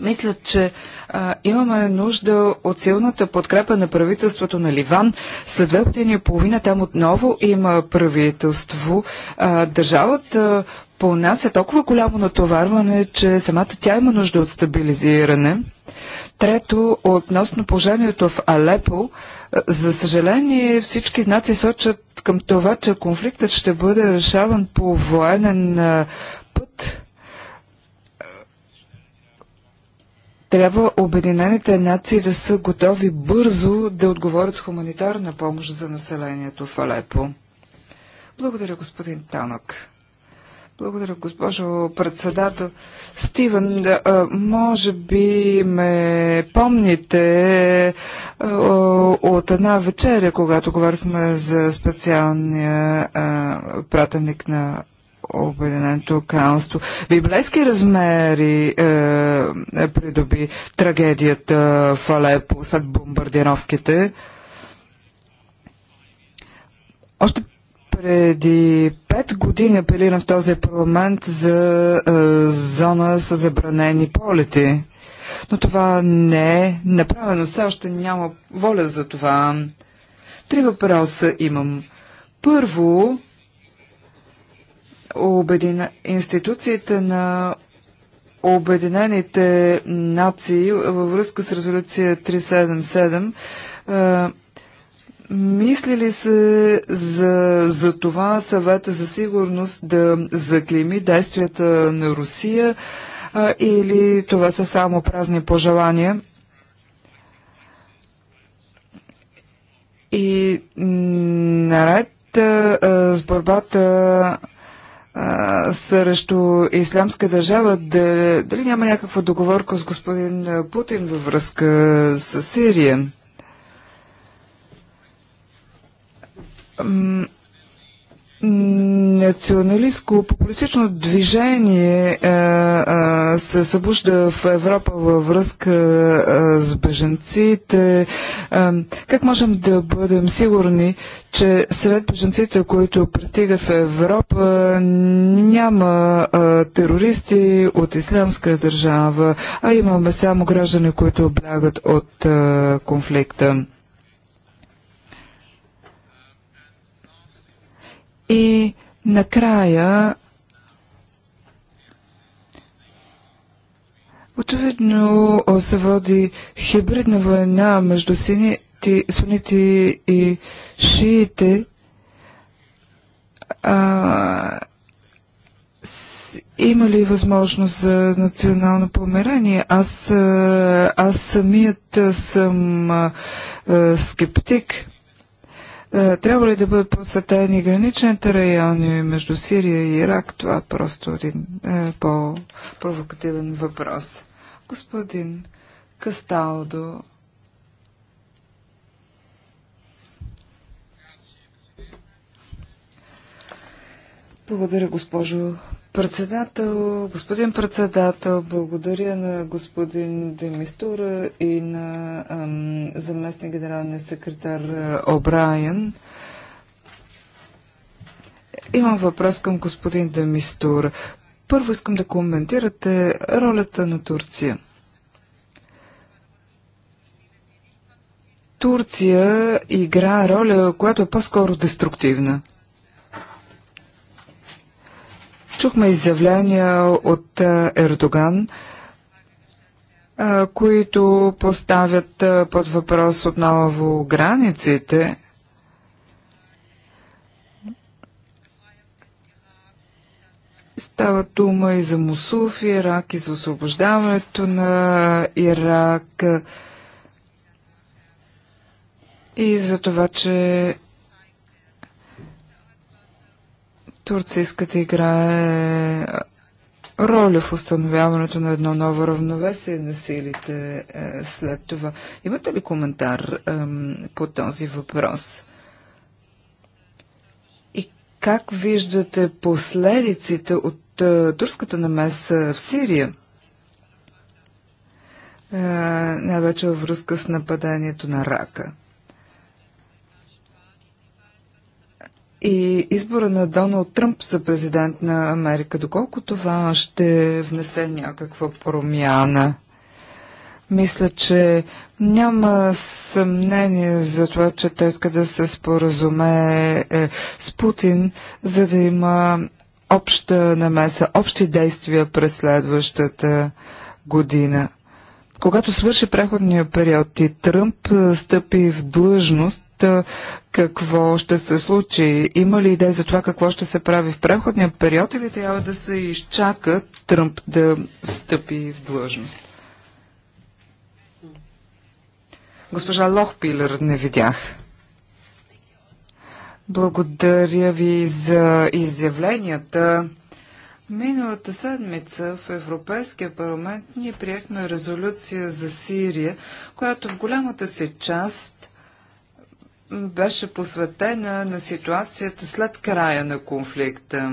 мисля, че а, имаме нужда от силната подкрепа на правителството на Ливан. След две години и половина там отново има правителство. А, държавата по нас е толкова голямо натоварване, че самата тя има нужда от стабилизиране. Трето, относно положението в Алепо, за съжаление всички знаци сочат към това, че конфликтът ще бъде решаван по военен път. трябва Обединените нации да са готови бързо да отговорят с хуманитарна помощ за населението в Алепо. Благодаря, господин Танок. Благодаря, госпожо председател. Стивен, може би ме помните от една вечеря, когато говорихме за специалния пратеник на Обединеното кралство. Библейски размери е, придоби трагедията в Алепо след бомбардировките. Още преди пет години апелирам в този парламент за е, зона с забранени полети. Но това не е направено. Все още няма воля за това. Три въпроса имам. Първо, институцията Институциите на Обединените нации във връзка с резолюция 377 Мислили мисли ли се за, за това съвета за сигурност да заклими действията на Русия а, или това са само празни пожелания? И наред а, с борбата срещу Ислямска държава, дали, дали няма някаква договорка с господин Путин във връзка с Сирия? националистско-популистично движение а, е, а, е, се събужда в Европа във връзка а, е, с беженците. А, как можем да бъдем сигурни, че сред беженците, които пристигат в Европа, няма а, терористи от ислямска държава, а имаме само граждани, които облягат от а, конфликта? И накрая Очевидно се води хибридна война между сините, суните и шиите. А, има ли възможност за национално помирение? Аз, аз самият съм а, скептик. Е, трябва ли да бъдат посетени граничните райони между Сирия и Ирак? Това е просто един е, по-провокативен въпрос. Господин Касталдо. Благодаря, госпожо Председател, господин председател, благодаря на господин Демистура и на ам, заместник генералния секретар О'Брайен. Имам въпрос към господин Демистура. Първо искам да коментирате ролята на Турция. Турция игра роля, която е по-скоро деструктивна. Чухме изявления от Ердоган, които поставят под въпрос отново границите. Става дума и за Мусул в Ирак, и за освобождаването на Ирак, и за това, че Турция иска да играе роля в установяването на едно ново равновесие на силите е, след това. Имате ли коментар по този въпрос? И как виждате последиците от е, турската намеса в Сирия? Е, най-вече във връзка с нападението на рака. и избора на Доналд Тръмп за президент на Америка, доколко това ще внесе някаква промяна? Мисля, че няма съмнение за това, че той иска да се споразуме е, с Путин, за да има обща намеса, общи действия през следващата година. Когато свърши преходния период и Тръмп стъпи в длъжност, какво ще се случи. Има ли идея за това какво ще се прави в преходния период или трябва да се изчака Тръмп да встъпи в длъжност? Госпожа Лохпилер не видях. Благодаря ви за изявленията. Миналата седмица в Европейския парламент ние приехме резолюция за Сирия, която в голямата си част беше посветена на ситуацията след края на конфликта.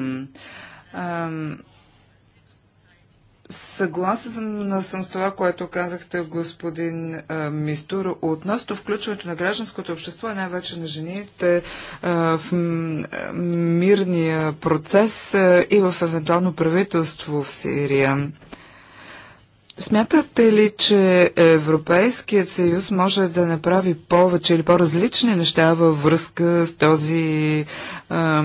Съгласен съм с това, което казахте, господин Мистур, относно включването на гражданското общество и най-вече на жените в мирния процес и в евентуално правителство в Сирия. Смятате ли, че Европейският съюз може да направи повече или по-различни неща във връзка с този а,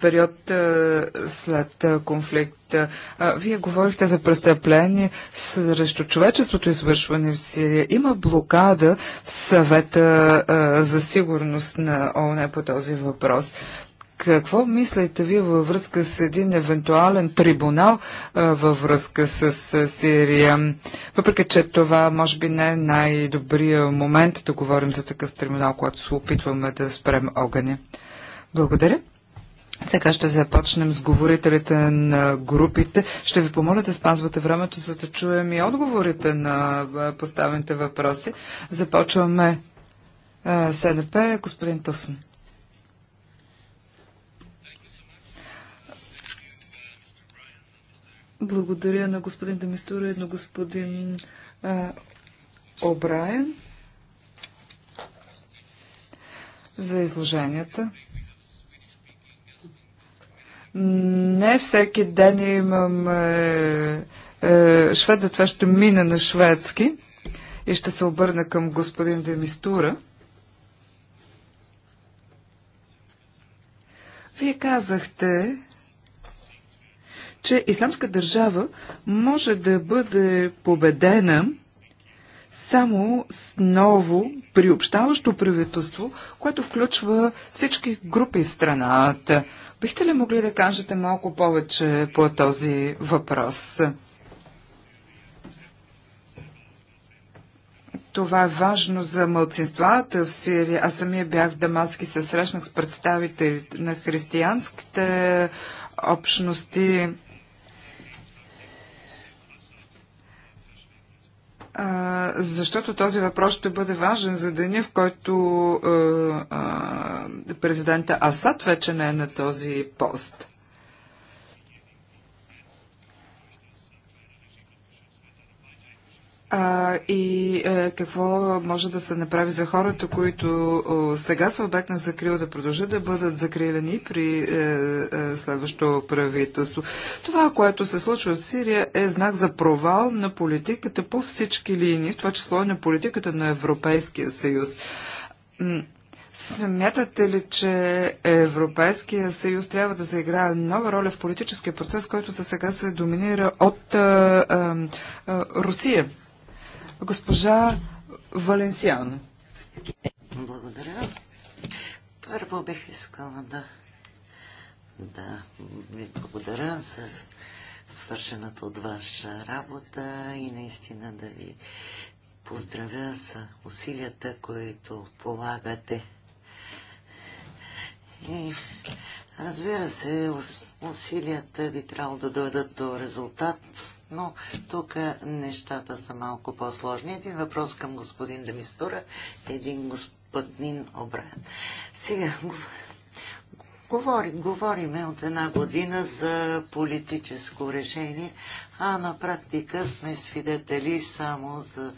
период а, след а, конфликта? А, вие говорихте за престъпление срещу човечеството, извършване в Сирия. Има блокада в съвета а, за сигурност на ОНЕ по този въпрос. Какво мислите ви във връзка с един евентуален трибунал а, във връзка с, с Сирия? Въпреки, че това може би не е най-добрия момент да говорим за такъв трибунал, когато се опитваме да спрем огъня. Благодаря. Сега ще започнем с говорителите на групите. Ще ви помоля да спазвате времето, за да чуем и отговорите на поставените въпроси. Започваме СНП, господин Тусен. Благодаря на господин Демистура и на господин а, Обраен за изложенията. Не всеки ден имам е, е, швед, затова ще мина на шведски и ще се обърна към господин Демистура. Вие казахте, че Исламска държава може да бъде победена само с ново приобщаващо правителство, което включва всички групи в страната. Бихте ли могли да кажете малко повече по този въпрос? Това е важно за мълцинствата в Сирия. Аз самия бях в Дамаски, се срещнах с представители на християнските общности. защото този въпрос ще бъде важен за деня, в който е, е, президента Асад вече не е на този пост. А, и е, какво може да се направи за хората, които о, сега са обект на закрил да продължат да бъдат закрилени при е, е, следващото правителство? Това, което се случва в Сирия е знак за провал на политиката по всички линии, в това число и на политиката на Европейския съюз. Смятате ли, че Европейския съюз трябва да заиграе нова роля в политическия процес, който за сега се доминира от а, е, а, е, е, Русия? Госпожа Валенсиано. Благодаря. Първо бих искала да, да ви благодаря за свършената от ваша работа и наистина да ви поздравя за усилията, които полагате. И Разбира се, усилията би трябвало да доведат до резултат, но тук нещата са малко по-сложни. Един въпрос към господин Демистура, един господин обрен. Сега, говори, говориме от една година за политическо решение, а на практика сме свидетели само за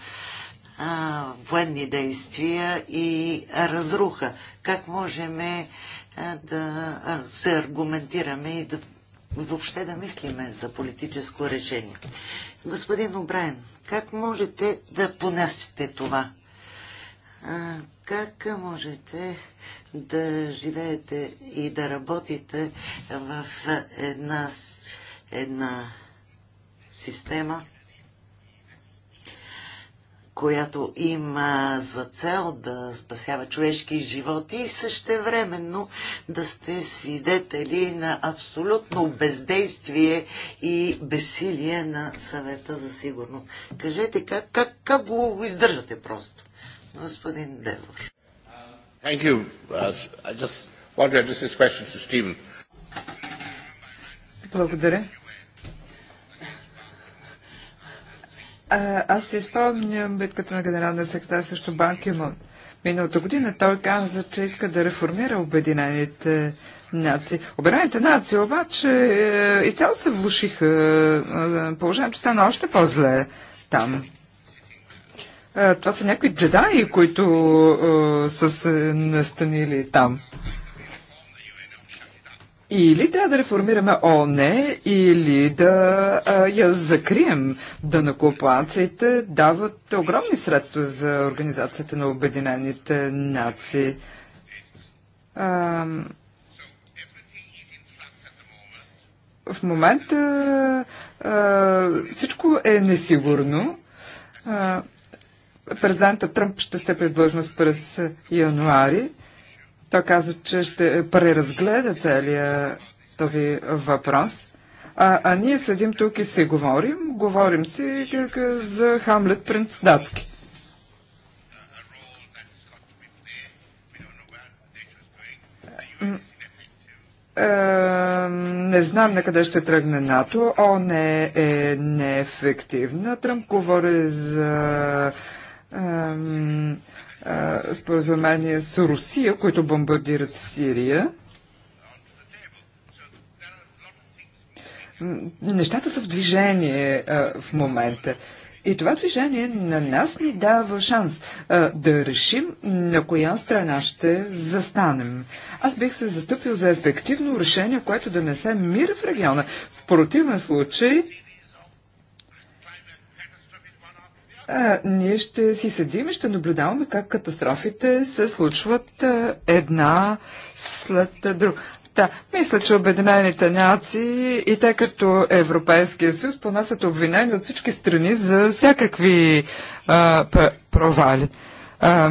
а, военни действия и разруха. Как можем е, да се аргументираме и да въобще да мислиме за политическо решение. Господин Обраен, как можете да понесете това? Е, как можете да живеете и да работите в една, една система, която има за цел да спасява човешки животи и същевременно да сте свидетели на абсолютно бездействие и бесилие на съвета за сигурност. Кажете как, как, как го, издържате просто, господин Девор. Thank you. Uh, I just want to address this question to Stephen. Благодаря. А, аз си спомням битката на генералния секретар срещу Банкимон. Миналата година той каза, че иска да реформира Обединените нации. Обединените нации обаче е, изцяло се влушиха. Е, положението стана още по-зле там. Е, това са някакви джедаи, които е, са се настанили там. Или трябва да реформираме ООН или да а, я закрием. Данакоплаците дават огромни средства за Организацията на Обединените нации. А, в момента а, всичко е несигурно. А, президента Тръмп ще степи в длъжност през януари. Той каза, че ще преразгледа целия този въпрос. А, а ние седим тук и си говорим. Говорим си как, за Хамлет принц датски. не знам на къде ще тръгне НАТО. ООН е, е неефективна. Тръмп говори за споразумение с Русия, които бомбардират Сирия. Нещата са в движение в момента. И това движение на нас ни дава шанс а, да решим на коя страна ще застанем. Аз бих се застъпил за ефективно решение, което да не се мир в региона. В противен случай а, ние ще си седим и ще наблюдаваме как катастрофите се случват а, една след друга. Да, мисля, че Обединените нации и те като Европейския съюз понасят обвинени от всички страни за всякакви а, провали. А,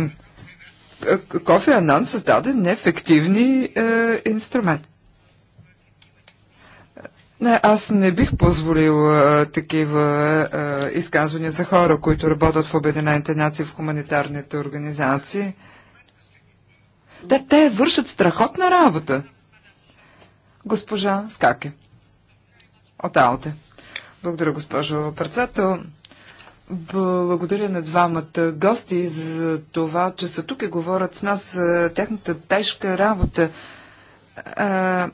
Кофи Анан създаде неефективни е, инструменти. Не, аз не бих позволил а, такива а, изказвания за хора, които работят в Обединените нации, в хуманитарните организации. Да, те вършат страхотна работа. Госпожа Скаке. От Ауте. Благодаря, госпожо председател. Благодаря на двамата гости за това, че са тук и говорят с нас за тяхната тежка работа. А,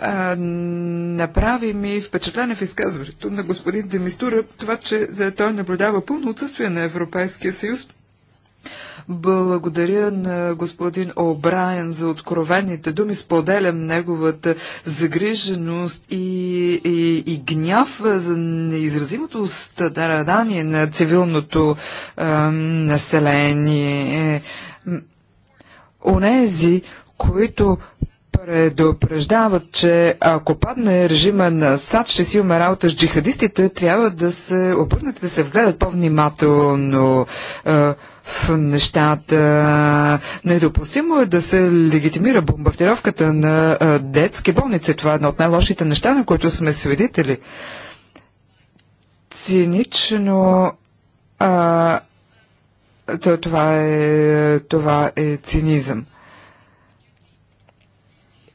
а, направи ми впечатление в изказването на господин Демистура това, че е, той наблюдава пълно отсъствие на Европейския съюз. Благодаря на господин О'Брайен за откровените думи. Споделям неговата загриженост и, и, и гняв за неизразимото страдание на цивилното е, население. Онези, които предупреждават, че ако падне режима на САД, ще си имаме работа с джихадистите, трябва да се обърнат да се вгледат по-внимателно в нещата. Недопустимо е да се легитимира бомбардировката на детски болници. Това е едно от най-лошите неща, на които сме свидетели. Цинично а, това, е, това е цинизъм.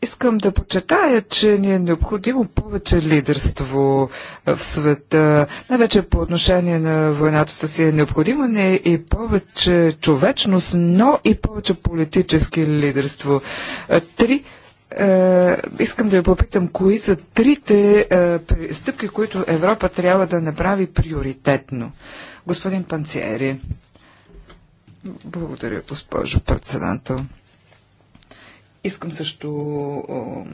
Искам да почетая, че ни е необходимо повече лидерство в света. Най-вече по отношение на войната с си е необходимо не и повече човечност, но и повече политически лидерство. Три е, искам да ви попитам, кои са трите е, стъпки, които Европа трябва да направи приоритетно? Господин Панциери. Благодаря, госпожо председател. Искам също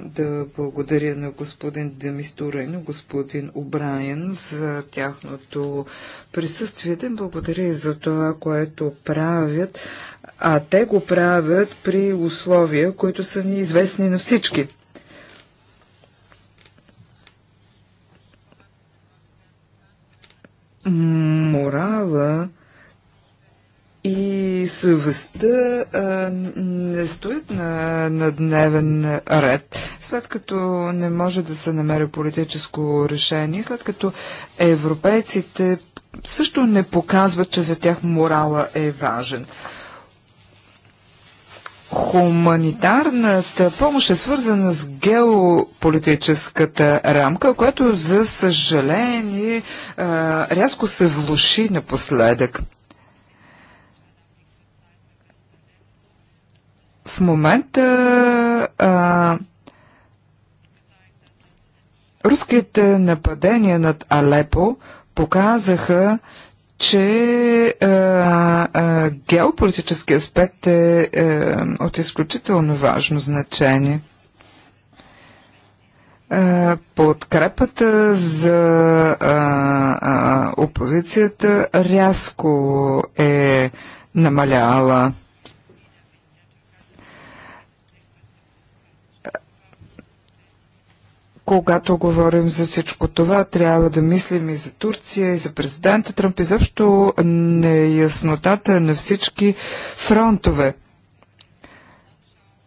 да благодаря на господин Демистура и на господин Обраен за тяхното присъствие. Да благодаря и за това, което правят. А те го правят при условия, които са ни известни на всички. Морала и съвестта а, не стоят на, на дневен ред, след като не може да се намери политическо решение, след като европейците също не показват, че за тях морала е важен. Хуманитарната помощ е свързана с геополитическата рамка, която за съжаление рязко се влуши напоследък. В момента а, руските нападения над Алепо показаха, че а, а, геополитически аспект е, а, е, от изключително важно значение. А, подкрепата за а, а, опозицията рязко е намаляла. когато говорим за всичко това, трябва да мислим и за Турция, и за президента Тръмп, и заобщо неяснотата на всички фронтове.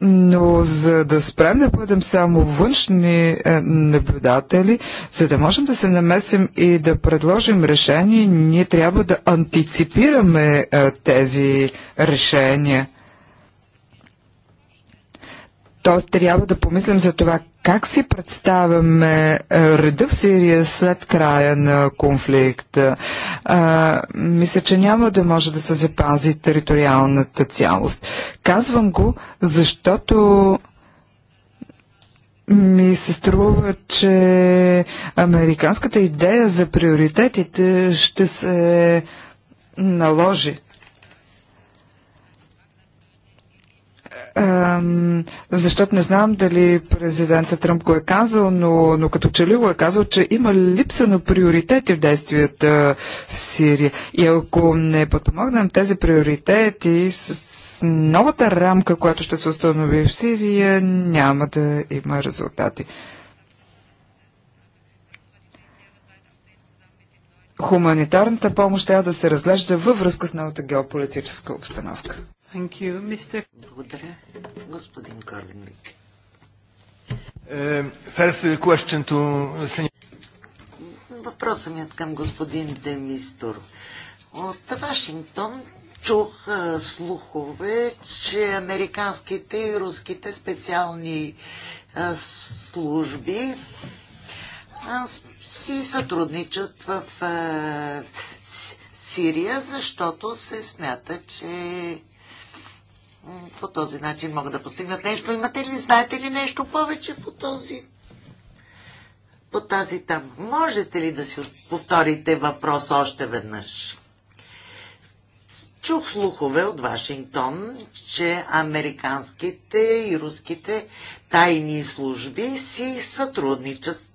Но за да спрем да бъдем само външни е, наблюдатели, за да можем да се намесим и да предложим решение, ние трябва да антиципираме е, тези решения. Тоест трябва да помислим за това как си представяме е, реда в Сирия след края на конфликта. А, мисля, че няма да може да се запази териториалната цялост. Казвам го, защото ми се струва, че американската идея за приоритетите ще се наложи защото не знам дали президента Тръмп го е казал, но, но като че ли го е казал, че има липса на приоритети в действията в Сирия. И ако не подпомогнем тези приоритети с новата рамка, която ще се установи в Сирия, няма да има резултати. Хуманитарната помощ трябва да се разглежда във връзка с новата геополитическа обстановка. Thank you, Mr. Благодаря. Господин Корвинлик. Е, to... Въпросът ми е към господин Демистор. От Вашингтон чух е, слухове, че американските и руските специални е, служби си сътрудничат в Сирия, защото се смята, че по този начин могат да постигнат нещо. Имате ли, знаете ли нещо повече по този по тази там. Можете ли да си повторите въпрос още веднъж? Чух слухове от Вашингтон, че американските и руските тайни служби си сътрудничат.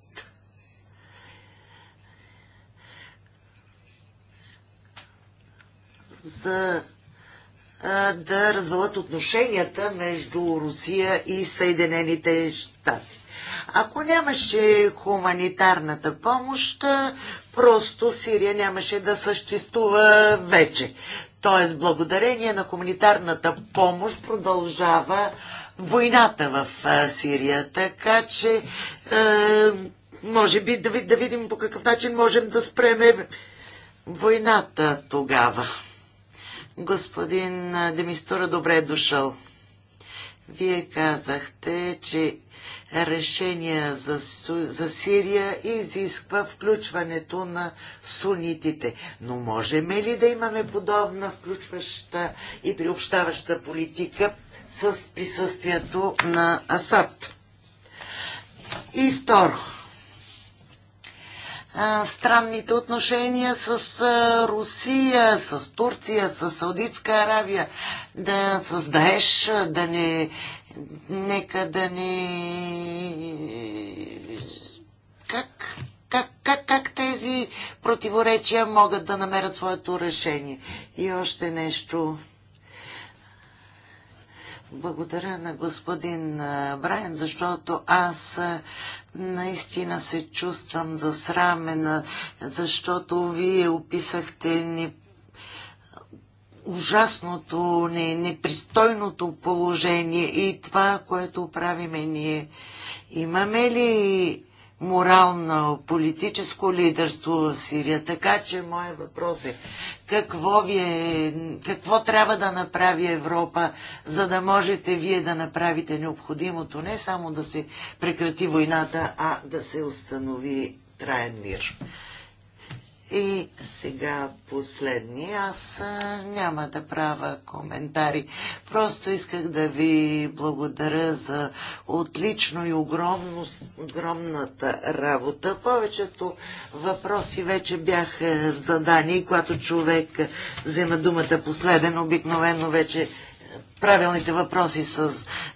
За да развалят отношенията между Русия и Съединените щати. Ако нямаше хуманитарната помощ, просто Сирия нямаше да съществува вече. Тоест, благодарение на хуманитарната помощ продължава войната в Сирия. Така че, е, може би да, да видим по какъв начин можем да спреме войната тогава. Господин Демистура, добре е дошъл. Вие казахте, че решение за, за Сирия изисква включването на сунитите. Но можем ли да имаме подобна включваща и приобщаваща политика с присъствието на Асад? И второ, странните отношения с Русия, с Турция, с Саудитска Аравия, да създаеш, да не... Нека да не... Как? Как, как, как тези противоречия могат да намерят своето решение? И още нещо. Благодаря на господин Брайан, защото аз наистина се чувствам засрамена, защото вие описахте не ужасното, не, непристойното положение и това, което правиме ние. Имаме ли морално, политическо лидерство в Сирия. Така че моят въпрос е какво, ви е, какво трябва да направи Европа, за да можете вие да направите необходимото, не само да се прекрати войната, а да се установи траен мир. И сега последни. Аз няма да правя коментари. Просто исках да ви благодаря за отлично и огромно, огромната работа. Повечето въпроси вече бяха задани. Когато човек взема думата последен, обикновено вече е, правилните въпроси са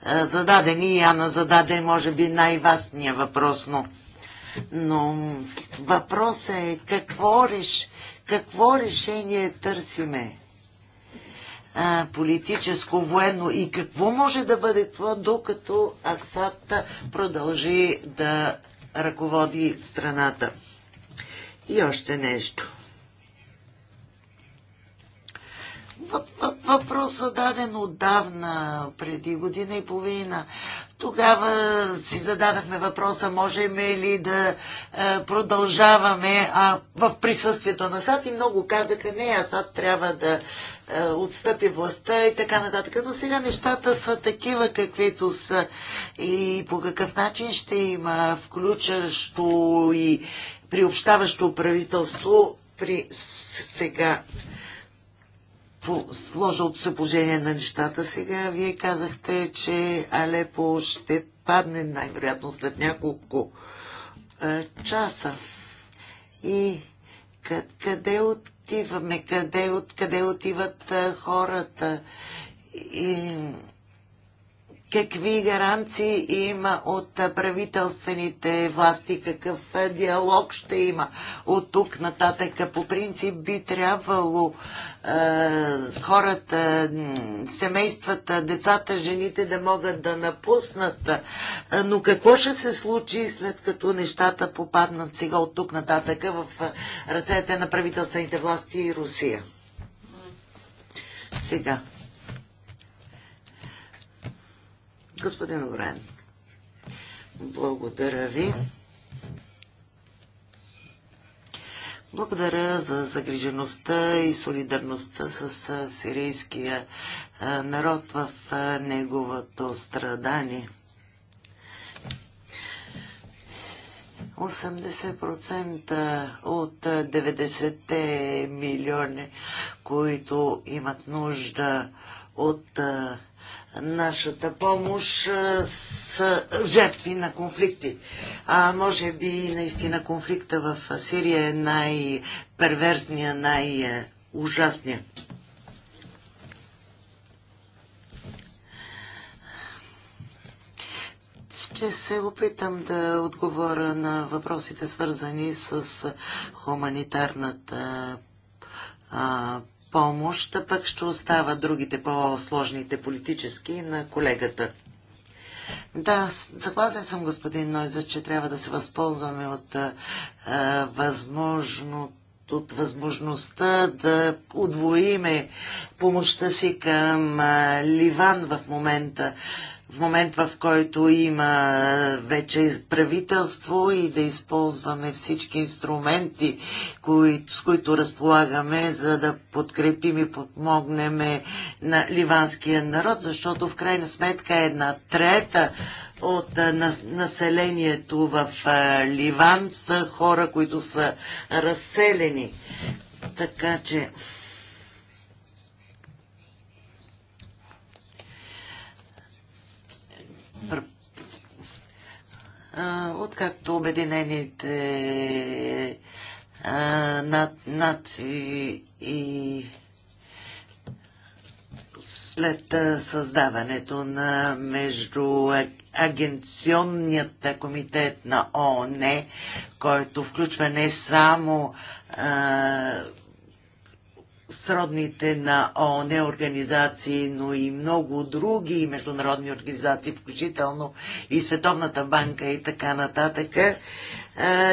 е, зададени. Яна зададе, може би, най вастния въпрос, но но въпросът е какво, реш, какво решение търсиме? А, политическо, военно и какво може да бъде това, докато Асад продължи да ръководи страната. И още нещо. въпрос зададен отдавна, преди година и половина. Тогава си зададахме въпроса, можем ли да е, продължаваме а, в присъствието на САД и много казаха, не, САД трябва да е, отстъпи властта и така нататък. Но сега нещата са такива, каквито са и по какъв начин ще има включващо и приобщаващо правителство при сега сложа от съпожение на нещата сега. Вие казахте, че Алепо ще падне най-вероятно след няколко а, часа. И къде отиваме? Къде, от, къде отиват а, хората? И какви гаранции има от правителствените власти, какъв е, диалог ще има от тук нататък. По принцип би трябвало е, хората, семействата, децата, жените да могат да напуснат. Е, но какво ще се случи след като нещата попаднат сега от тук нататък в е, ръцете на правителствените власти и Русия? Сега. Господин Орен, благодаря ви. Благодаря за загрижеността и солидарността с сирийския народ в неговото страдание. 80% от 90-те милиони, които имат нужда от а, нашата помощ с жертви на конфликти. А може би наистина конфликта в Сирия е най-перверзния, най-ужасния. Ще се опитам да отговоря на въпросите, свързани с хуманитарната а, помощ, пък ще остават другите по-сложните политически на колегата. Да, съгласен съм, господин Нойзас, че трябва да се възползваме от, е, възможно, от възможността да удвоиме помощта си към е, Ливан в момента в момент, в който има вече правителство и да използваме всички инструменти, които, с които разполагаме, за да подкрепим и подмогнем на ливанския народ, защото в крайна сметка една трета от населението в Ливан са хора, които са разселени. Така че откакто Обединените наци нации и след създаването на междуагенционният комитет на ООН, който включва не само а, сродните на ООН организации, но и много други международни организации, включително и Световната банка и така нататък. Е,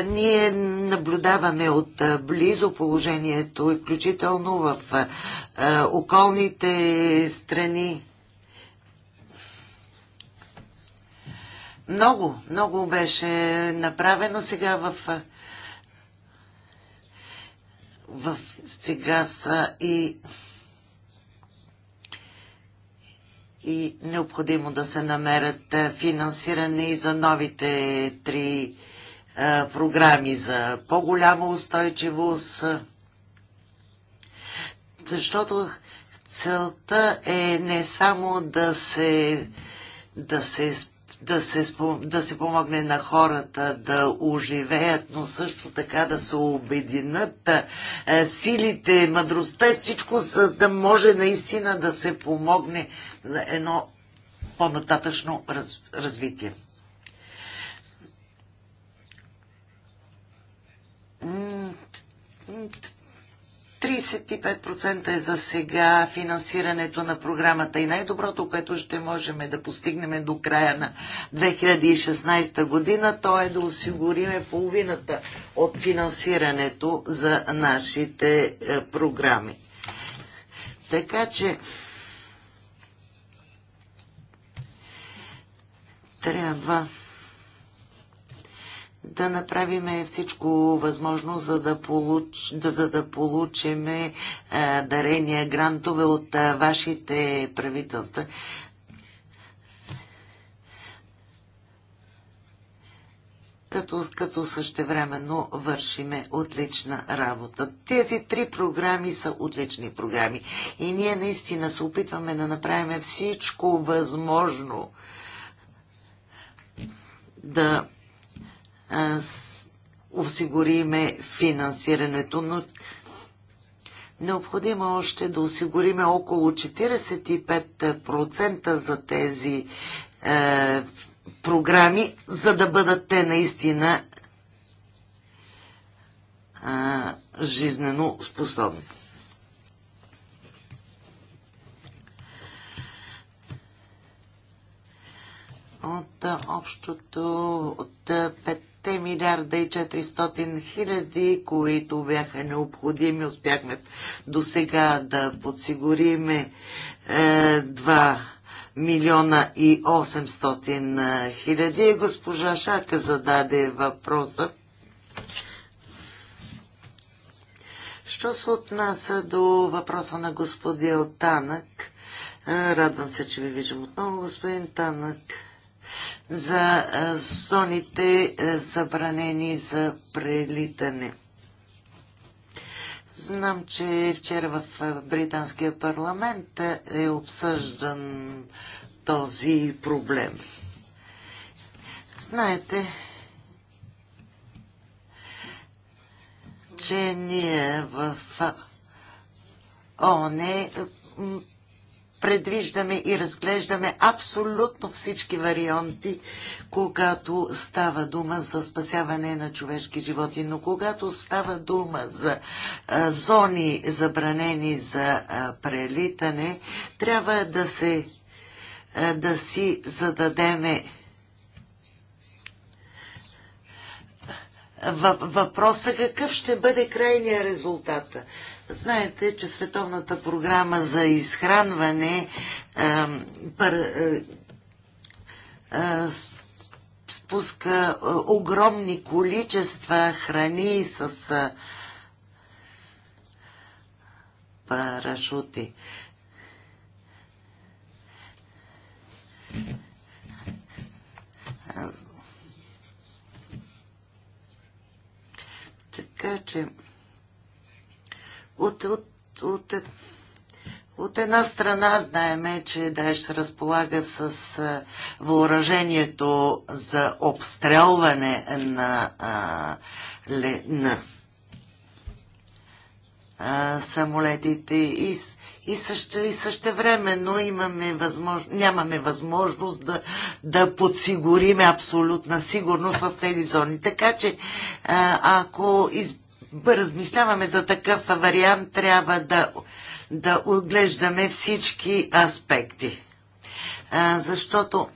ние наблюдаваме от е, близо положението, включително в е, околните страни. Много, много беше направено сега в в сега са и и необходимо да се намерят е, финансиране и за новите три а, е, програми за по-голяма устойчивост, защото целта е не само да се, да се да се, да се помогне на хората да оживеят, но също така да се обединят силите, мъдростта, всичко, за да може наистина да се помогне за едно по-нататъчно раз, развитие. 35% е за сега финансирането на програмата и най-доброто, което ще можем е да постигнем е до края на 2016 година, то е да осигурим е половината от финансирането за нашите програми. Така че трябва да направиме всичко възможно, за да, получ, да, за да получиме е, дарения, грантове от е, вашите правителства. Като, като същевременно вършиме отлична работа. Тези три програми са отлични програми. И ние наистина се опитваме да направим всичко възможно да осигуриме финансирането, но необходимо е още да осигуриме около 45% за тези е, програми, за да бъдат те наистина е, жизнено способни. от общото от 5 2 милиарда и 400 хиляди, които бяха необходими. Успяхме до сега да подсигуриме 2 е, милиона и 800 е, хиляди. Госпожа Шака зададе въпроса. Що се отнася до въпроса на господин Танък, е, радвам се, че ви виждам отново, господин Танък за зоните забранени за прелитане. Знам, че вчера в Британския парламент е обсъждан този проблем. Знаете, че ние в ОНЕ предвиждаме и разглеждаме абсолютно всички варианти, когато става дума за спасяване на човешки животи. Но когато става дума за а, зони забранени за а, прелитане, трябва да се а, да си зададеме въпроса какъв ще бъде крайния резултат. Знаете, че Световната програма за изхранване е, е, спуска е, огромни количества храни с парашути. Така че от, от, от, е, от една страна знаеме, че Даеш разполага с е, въоръжението за обстрелване на, а, ле, на а, самолетите и, и, също, и но имаме възмож... нямаме възможност да, да подсигуриме абсолютна сигурност в тези зони. Така че а, ако из, размисляваме за такъв вариант, трябва да, да отглеждаме всички аспекти. А, защото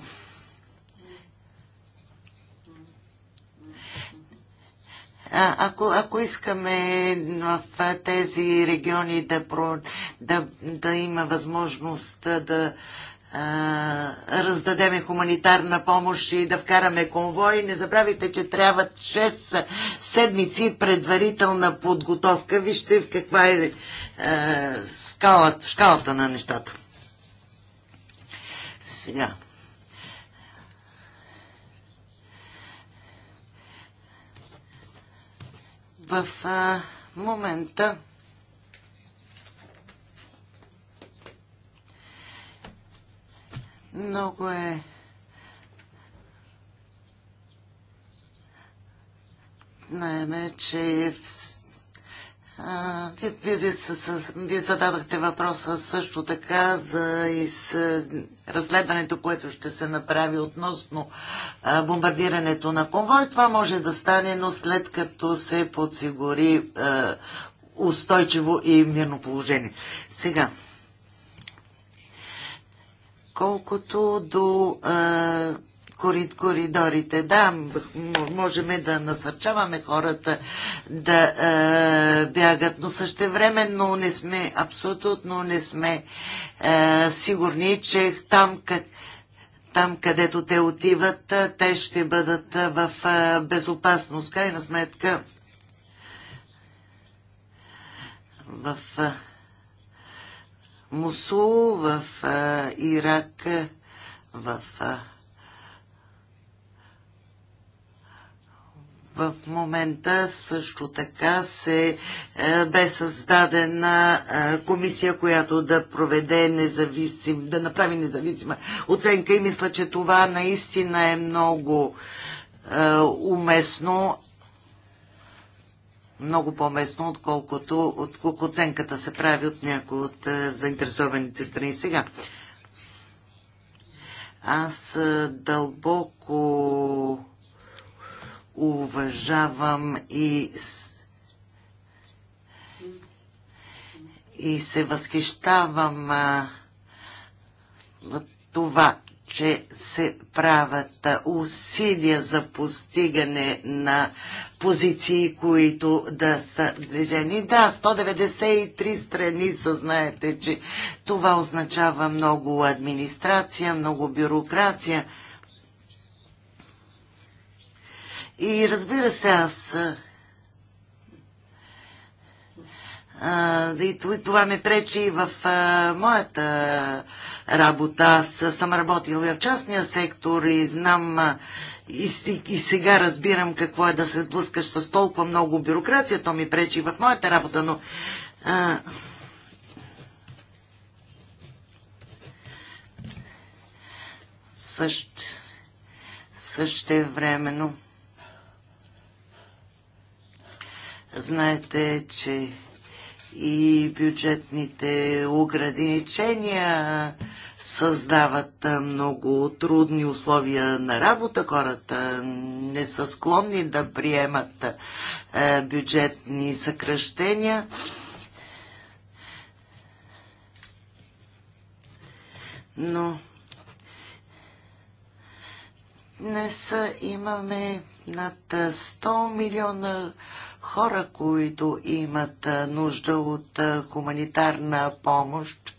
А, ако, ако искаме в тези региони да, про, да, да има възможност да раздадеме хуманитарна помощ и да вкараме конвой. Не забравяйте, че трябват 6 седмици предварителна подготовка. Вижте в каква е, е скалата, шкалата на нещата. Сега. В момента Много е Знаеме, че вие, зададахте въпроса също така за из, разследването, което ще се направи относно а, бомбардирането на конвой. Това може да стане, но след като се подсигури а, устойчиво и мирно положение. Сега, Колкото до коридорите. Да, можем да насърчаваме хората да а, бягат, но същевременно не сме, абсолютно не сме а, сигурни, че там, как, там където те отиват, те ще бъдат в а, безопасност. Крайна сметка, в. а, Мусул, в а, Ирак, в. А, в момента също така се а, е, бе създадена а, е, комисия, която да проведе независим, да направи независима оценка и мисля, че това наистина е много а, е, уместно много по-местно, отколкото, отколко оценката се прави от някои от е, заинтересованите страни сега. Аз е, дълбоко уважавам и и се възхищавам а, е, за това, че се правят усилия за постигане на позиции, които да са движени. Да, 193 страни са, знаете, че това означава много администрация, много бюрокрация. И разбира се, аз и това ме пречи и в моята работа. Аз съм работила и в частния сектор и знам и, и сега разбирам какво е да се блъскаш с толкова много бюрокрация. То ми пречи и в моята работа, но а, също времено Знаете, че и бюджетните ограничения създават много трудни условия на работа. Хората не са склонни да приемат бюджетни съкръщения. Но днес имаме над 100 милиона хора, които имат нужда от хуманитарна помощ.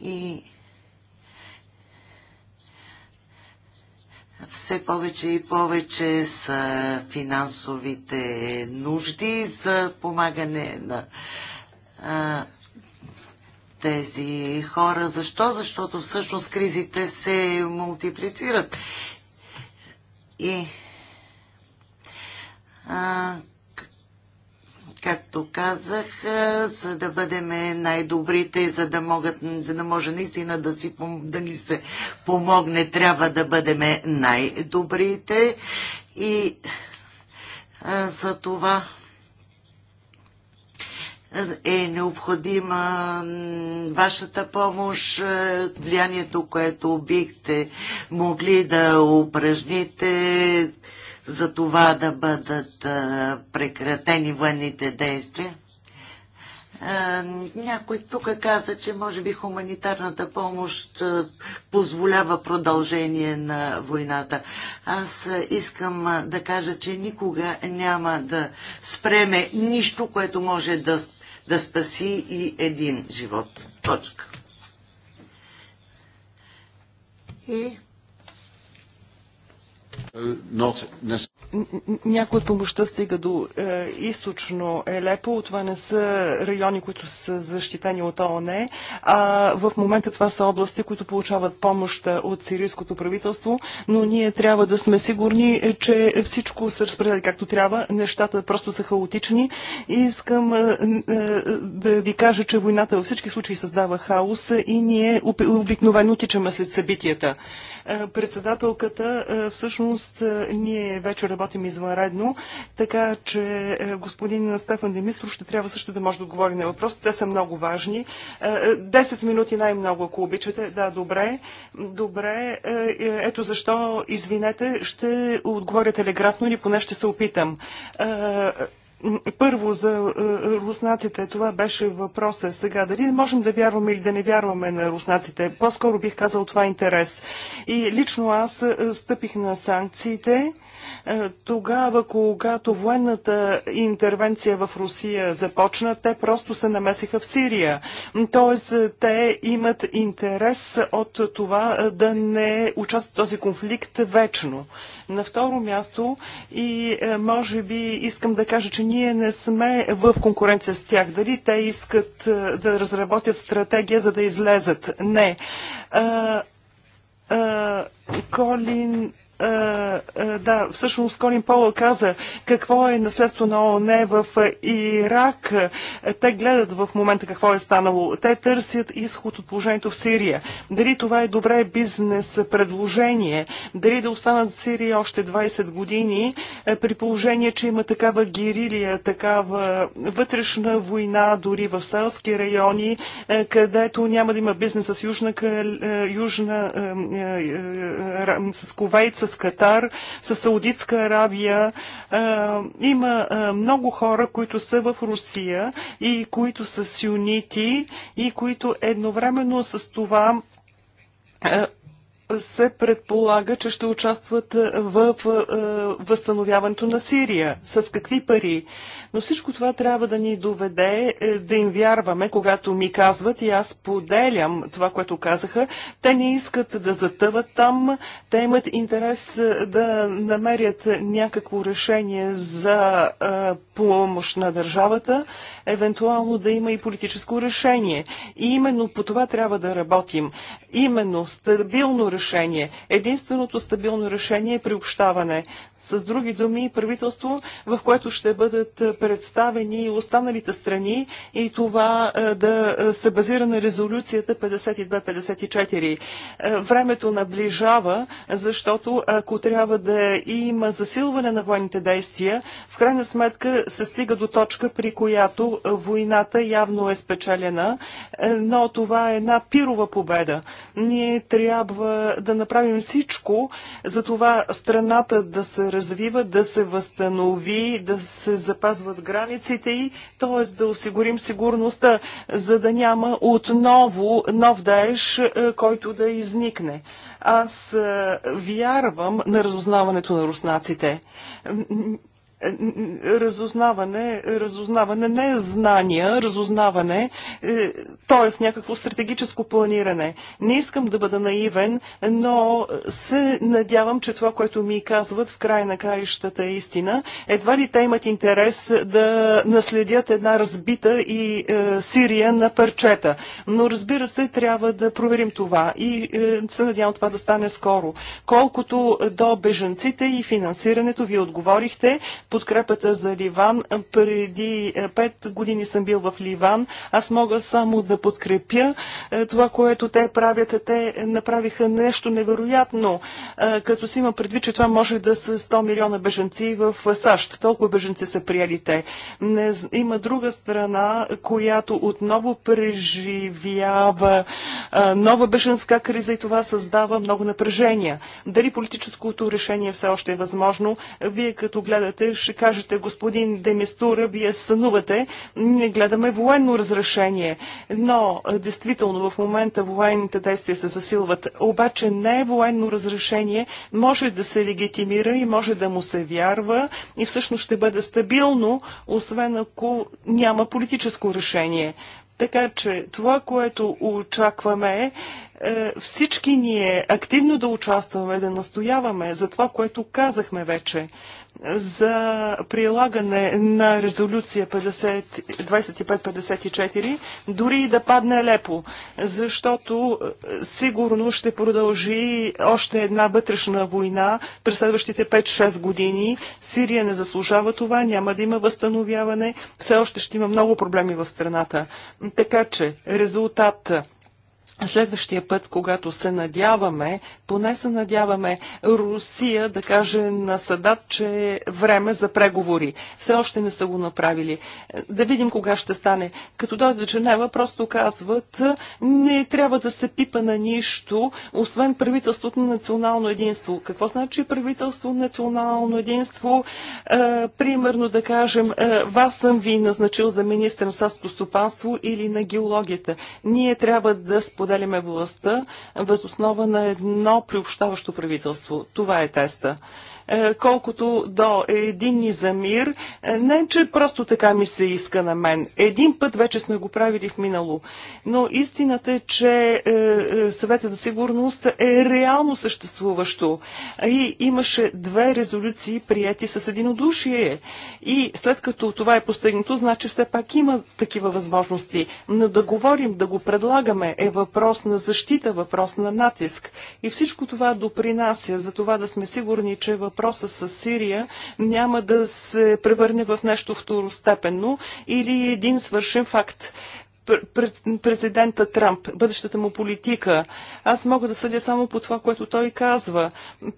И все повече и повече са финансовите нужди за помагане на а, тези хора. Защо? Защото всъщност кризите се мултиплицират. И както казах, за да бъдем най-добрите, за да, могат, за да може наистина да, си, да ни се помогне, трябва да бъдем най-добрите. И за това е необходима вашата помощ, влиянието, което бихте могли да упражните за това да бъдат прекратени военните действия. Някой тук каза, че може би хуманитарната помощ позволява продължение на войната. Аз искам да кажа, че никога няма да спреме нищо, което може да, да спаси и един живот. Точка. И Not necessarily някои от помощта стига до е, източно Елепо. Това не са райони, които са защитени от ООН. А в момента това са области, които получават помощ е, от сирийското правителство, но ние трябва да сме сигурни, е, че всичко се разпределя както трябва. Нещата просто са хаотични. и Искам е, е, да ви кажа, че войната във всички случаи създава хаос и ние обикновено тичаме след събитията. Е, председателката всъщност ние вече работим работим извънредно, така че е, господин Стефан Демистров ще трябва също да може да отговори на въпросите. Те са много важни. Е, е, десет минути най-много, ако обичате. Да, добре. Добре. Ето защо, извинете, ще отговоря телеграфно или поне ще се опитам. Първо за руснаците, това беше въпроса сега. Дали не можем да вярваме или да не вярваме на руснаците? По-скоро бих казал това интерес. И лично аз стъпих на санкциите е, тогава, когато военната интервенция в Русия започна, те просто се намесиха в Сирия. Тоест, е, те имат интерес от това е, да не участват в този конфликт вечно. На второ място и може би искам да кажа, че ние не сме в конкуренция с тях. Дали те искат да разработят стратегия, за да излезат? Не. А, а, Колин е, е, да, всъщност Колин Пола каза какво е наследство на ООН в Ирак. Те гледат в момента какво е станало. Те търсят изход от положението в Сирия. Дали това е добре бизнес предложение? Дали да останат в Сирия още 20 години е, при положение, че има такава гирилия, такава вътрешна война дори в селски райони, където няма да има бизнес с Южна, Южна с Кувейт, с с Катар, с Саудитска Арабия. Е, има е, много хора, които са в Русия и които са сиунити, и които едновременно с това е, се предполага, че ще участват в е, възстановяването на Сирия. С какви пари? Но всичко това трябва да ни доведе е, да им вярваме, когато ми казват и аз поделям това, което казаха. Те не искат да затъват там, те имат интерес е, да намерят някакво решение за помощ на държавата, евентуално да има и политическо решение. И именно по това трябва да работим. Именно стабилно решение. Единственото стабилно решение е приобщаване. С други думи, правителство, в което ще бъдат представени и останалите страни и това да се базира на резолюцията 52-54. Времето наближава, защото ако трябва да има засилване на военните действия, в крайна сметка се стига до точка, при която войната явно е спечелена, но това е една пирова победа. Ние трябва да направим всичко за това страната да се развива, да се възстанови, да се запазват границите и, т.е. да осигурим сигурността, за да няма отново нов даеш, е, който да изникне. Аз е, вярвам на разузнаването на руснаците разузнаване, разузнаване не е знания, разузнаване, т.е. някакво стратегическо планиране. Не искам да бъда наивен, но се надявам, че това, което ми казват в край на краищата е истина. Едва ли те имат интерес да наследят една разбита и е, Сирия на парчета. Но разбира се, трябва да проверим това и е, се надявам това да стане скоро. Колкото до беженците и финансирането, вие отговорихте, подкрепата за Ливан. Преди е, пет години съм бил в Ливан. Аз мога само да подкрепя е, това, което те правят. Те направиха нещо невероятно, е, като си има предвид, че това може да са 100 милиона беженци в САЩ. Толкова беженци са приели те. има друга страна, която отново преживява нова беженска криза и това създава много напрежения. Дали политическото решение все още е възможно? Вие като гледате, ще кажете, господин Демистура, вие сънувате, не гледаме военно разрешение. Но, е, действително, в момента военните действия се засилват. Обаче не е военно разрешение, може да се легитимира и може да му се вярва и всъщност ще бъде стабилно, освен ако няма политическо решение. Така че това, което очакваме е всички ние активно да участваме, да настояваме за това, което казахме вече за прилагане на резолюция 2554, дори и да падне лепо, защото е, сигурно ще продължи още една вътрешна война през следващите 5-6 години. Сирия не заслужава това, няма да има възстановяване, все още ще има много проблеми в страната. Така че резултат следващия път, когато се надяваме, поне се надяваме Русия да каже на Садат, че е време за преговори. Все още не са го направили. Да видим кога ще стане. Като дойде Женева, просто казват, не трябва да се пипа на нищо, освен правителството на национално единство. Какво значи правителство на национално единство? Е, примерно да кажем, е, вас съм ви назначил за министър на стопанство или на геологията. Ние трябва да споделяме споделяме властта въз основа на едно приобщаващо правителство. Това е теста. Е, колкото до единни за мир. Е, не, че просто така ми се иска на мен. Един път вече сме го правили в минало. Но истината е, че е, съвета за сигурност е реално съществуващо. И имаше две резолюции, прияти с единодушие. И след като това е постигнато, значи все пак има такива възможности. Но да говорим, да го предлагаме е въпрос на защита, въпрос на натиск. И всичко това допринася за това да сме сигурни, че въпрос въпроса с Сирия няма да се превърне в нещо второстепенно или един свършен факт президента Трамп, бъдещата му политика. Аз мога да съдя само по това, което той казва.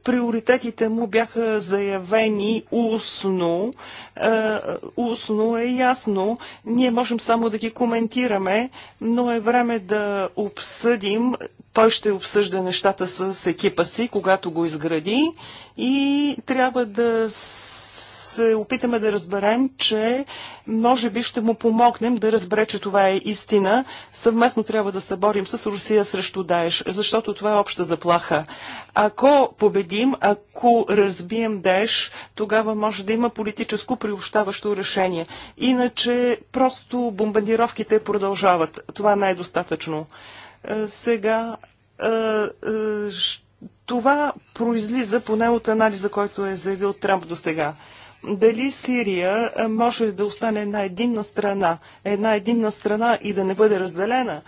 Приоритетите му бяха заявени устно. Е, устно е ясно. Ние можем само да ги коментираме, но е време да обсъдим той ще обсъжда нещата с екипа си, когато го изгради и трябва да се опитаме да разберем, че може би ще му помогнем да разбере, че това е истина. Съвместно трябва да се борим с Русия срещу Даеш, защото това е обща заплаха. Ако победим, ако разбием Даеш, тогава може да има политическо приобщаващо решение. Иначе просто бомбардировките продължават. Това не е достатъчно. Е, сега е, е, това произлиза поне от анализа, който е заявил Трамп до сега дали Сирия може да остане една единна страна, една единна страна и да не бъде разделена.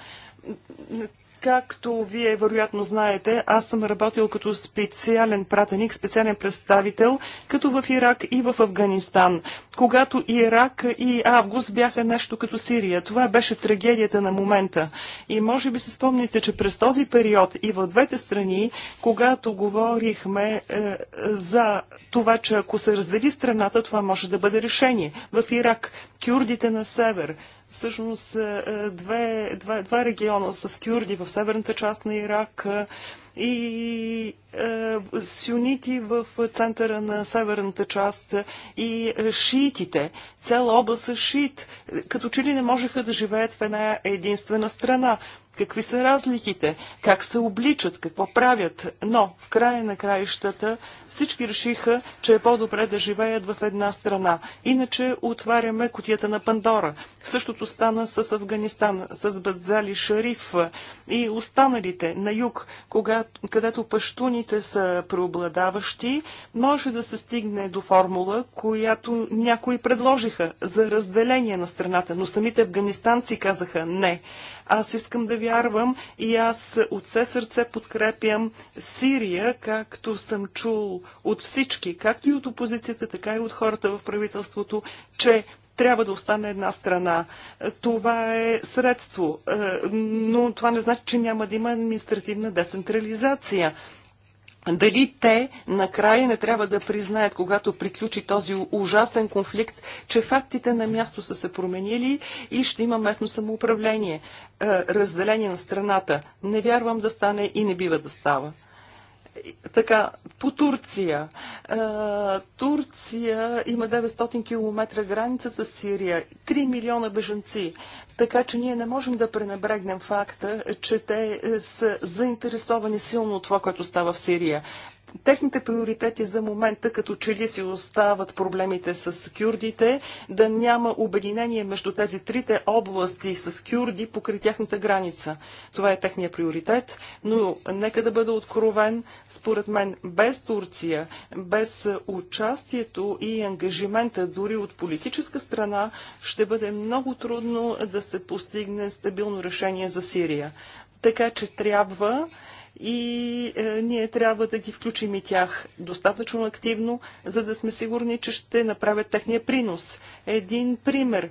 Както вие вероятно знаете, аз съм работил като специален пратеник, специален представител, като в Ирак и в Афганистан. Когато Ирак и Август бяха нещо като Сирия. Това беше трагедията на момента. И може би се спомните, че през този период и в двете страни, когато говорихме е, за това, че ако се раздели страната, това може да бъде решение. В Ирак, кюрдите на север, Всъщност е, е, две, два, два региона с кюрди в северната част на Ирак е, и е, сюнити в центъра на северната част и шиитите. Цяла област е шиит. Като че ли не можеха да живеят в една единствена страна какви са разликите, как се обличат, какво правят. Но в края на краищата всички решиха, че е по-добре да живеят в една страна. Иначе отваряме котията на Пандора. Същото стана с Афганистан, с Бадзали Шариф и останалите на юг, когато, където пащуните са преобладаващи, може да се стигне до формула, която някои предложиха за разделение на страната, но самите афганистанци казаха не. Аз искам да ви вярвам и аз от все сърце подкрепям Сирия, както съм чул от всички, както и от опозицията, така и от хората в правителството, че трябва да остане една страна. Това е средство, е, но това не значи, че няма да има административна децентрализация дали те накрая не трябва да признаят, когато приключи този ужасен конфликт, че фактите на място са се променили и ще има местно самоуправление, е, разделение на страната. Не вярвам да стане и не бива да става. Така, по Турция. Турция има 900 км граница с Сирия. 3 милиона бежанци. Така че ние не можем да пренебрегнем факта, че те е, са заинтересовани силно от това, което става в Сирия. Техните приоритети за момента като че ли си остават проблемите с кюрдите, да няма обединение между тези трите области с кюрди покри тяхната граница. Това е техния приоритет, но нека да бъда откровен, според мен, без Турция, без участието и ангажимента дори от политическа страна, ще бъде много трудно да се постигне стабилно решение за Сирия. Така че трябва и е, ние трябва да ги включим и тях достатъчно активно, за да сме сигурни, че ще направят техния принос. Един пример.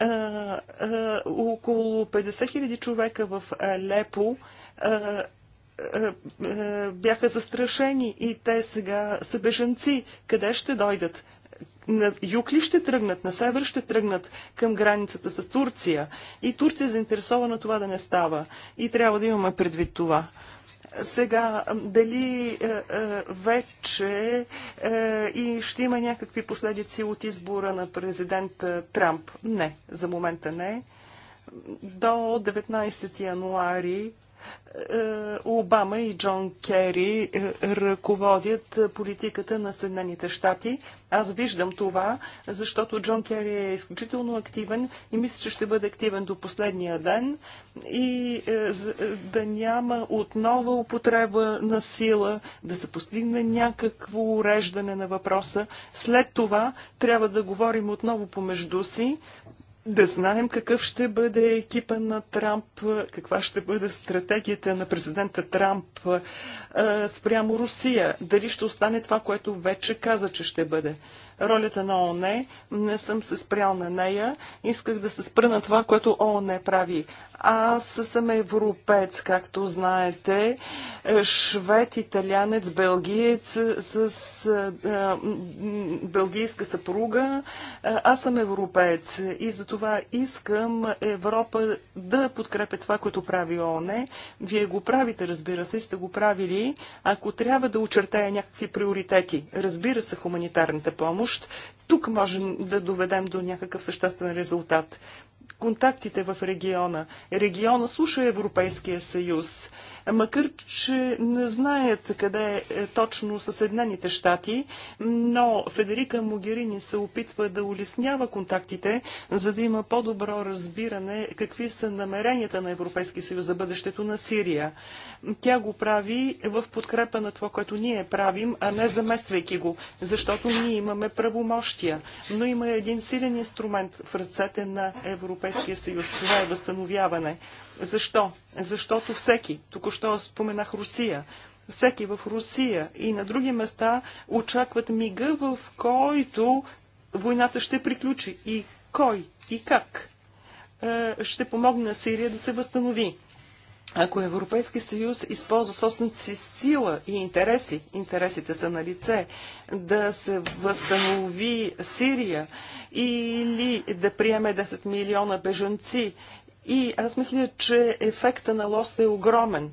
А, е, а, е, около 50 000 човека в Лепо а, е, бяха застрашени и те сега са бежанци. Къде ще дойдат? на юг ли ще тръгнат, на север ще тръгнат към границата с Турция. И Турция е заинтересована това да не става. И трябва да имаме предвид това. Сега, дали е, е, вече е, и ще има някакви последици от избора на президент е, Трамп? Не, за момента не. До 19 януари е, Обама и Джон Кери е, ръководят политиката на Съединените щати. Аз виждам това, защото Джон Кери е изключително активен и мисля, че ще бъде активен до последния ден и е, да няма отново употреба на сила, да се постигне някакво уреждане на въпроса. След това трябва да говорим отново помежду си, да знаем какъв ще бъде екипа на Трамп, каква ще бъде стратегията на президента Трамп спрямо Русия. Дали ще остане това, което вече каза, че ще бъде. Ролята на ООН, не съм се спрял на нея. Исках да се спра на това, което ООН прави. Аз съм европеец, както знаете, швед, италянец, белгиец с белгийска съпруга. Аз съм европеец и за това искам Европа да подкрепя това, което прави ООН. Вие го правите, разбира се, сте го правили. Ако трябва да очертая някакви приоритети, разбира се, хуманитарната помощ, тук можем да доведем до някакъв съществен резултат контактите в региона. Региона слуша Европейския съюз макар че не знаят къде е точно са Съединените щати, но Федерика Могерини се опитва да улеснява контактите, за да има по-добро разбиране какви са намеренията на Европейския съюз за бъдещето на Сирия. Тя го прави в подкрепа на това, което ние правим, а не замествайки го, защото ние имаме правомощия. Но има един силен инструмент в ръцете на Европейския съюз. Това е възстановяване. Защо? защото всеки, току-що споменах Русия, всеки в Русия и на други места очакват мига, в който войната ще приключи и кой и как е, ще помогне на Сирия да се възстанови. Ако Европейски съюз използва собствената си сила и интереси, интересите са на лице, да се възстанови Сирия или да приеме 10 милиона бежанци и аз мисля, че ефекта на лост е огромен.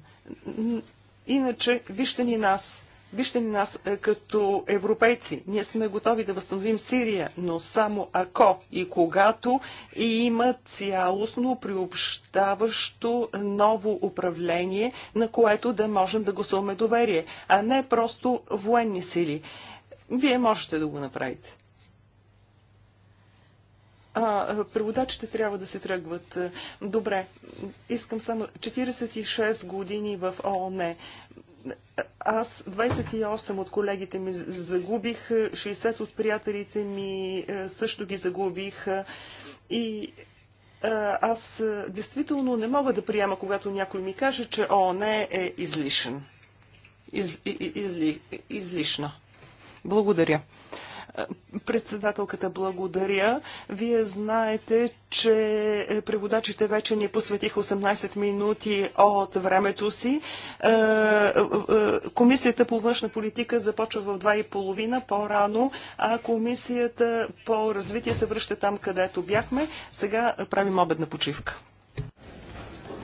Иначе, вижте ни нас. Вижте ни нас е, като европейци. Ние сме готови да възстановим Сирия, но само ако и когато и има цялостно приобщаващо ново управление, на което да можем да гласуваме доверие, а не просто военни сили. Вие можете да го направите. А, преводачите трябва да се тръгват. Добре, искам само 46 години в ООН. Аз 28 от колегите ми загубих, 60 от приятелите ми е, също ги загубих. И е, аз е, действително не мога да приема, когато някой ми каже, че ООН е излишен. Из, из, из, излишна. Благодаря. Председателката, благодаря. Вие знаете, че преводачите вече ни посветих 18 минути от времето си. Е, е, комисията по външна политика започва в 2.30 по-рано, а комисията по развитие се връща там, където бяхме. Сега правим обедна почивка.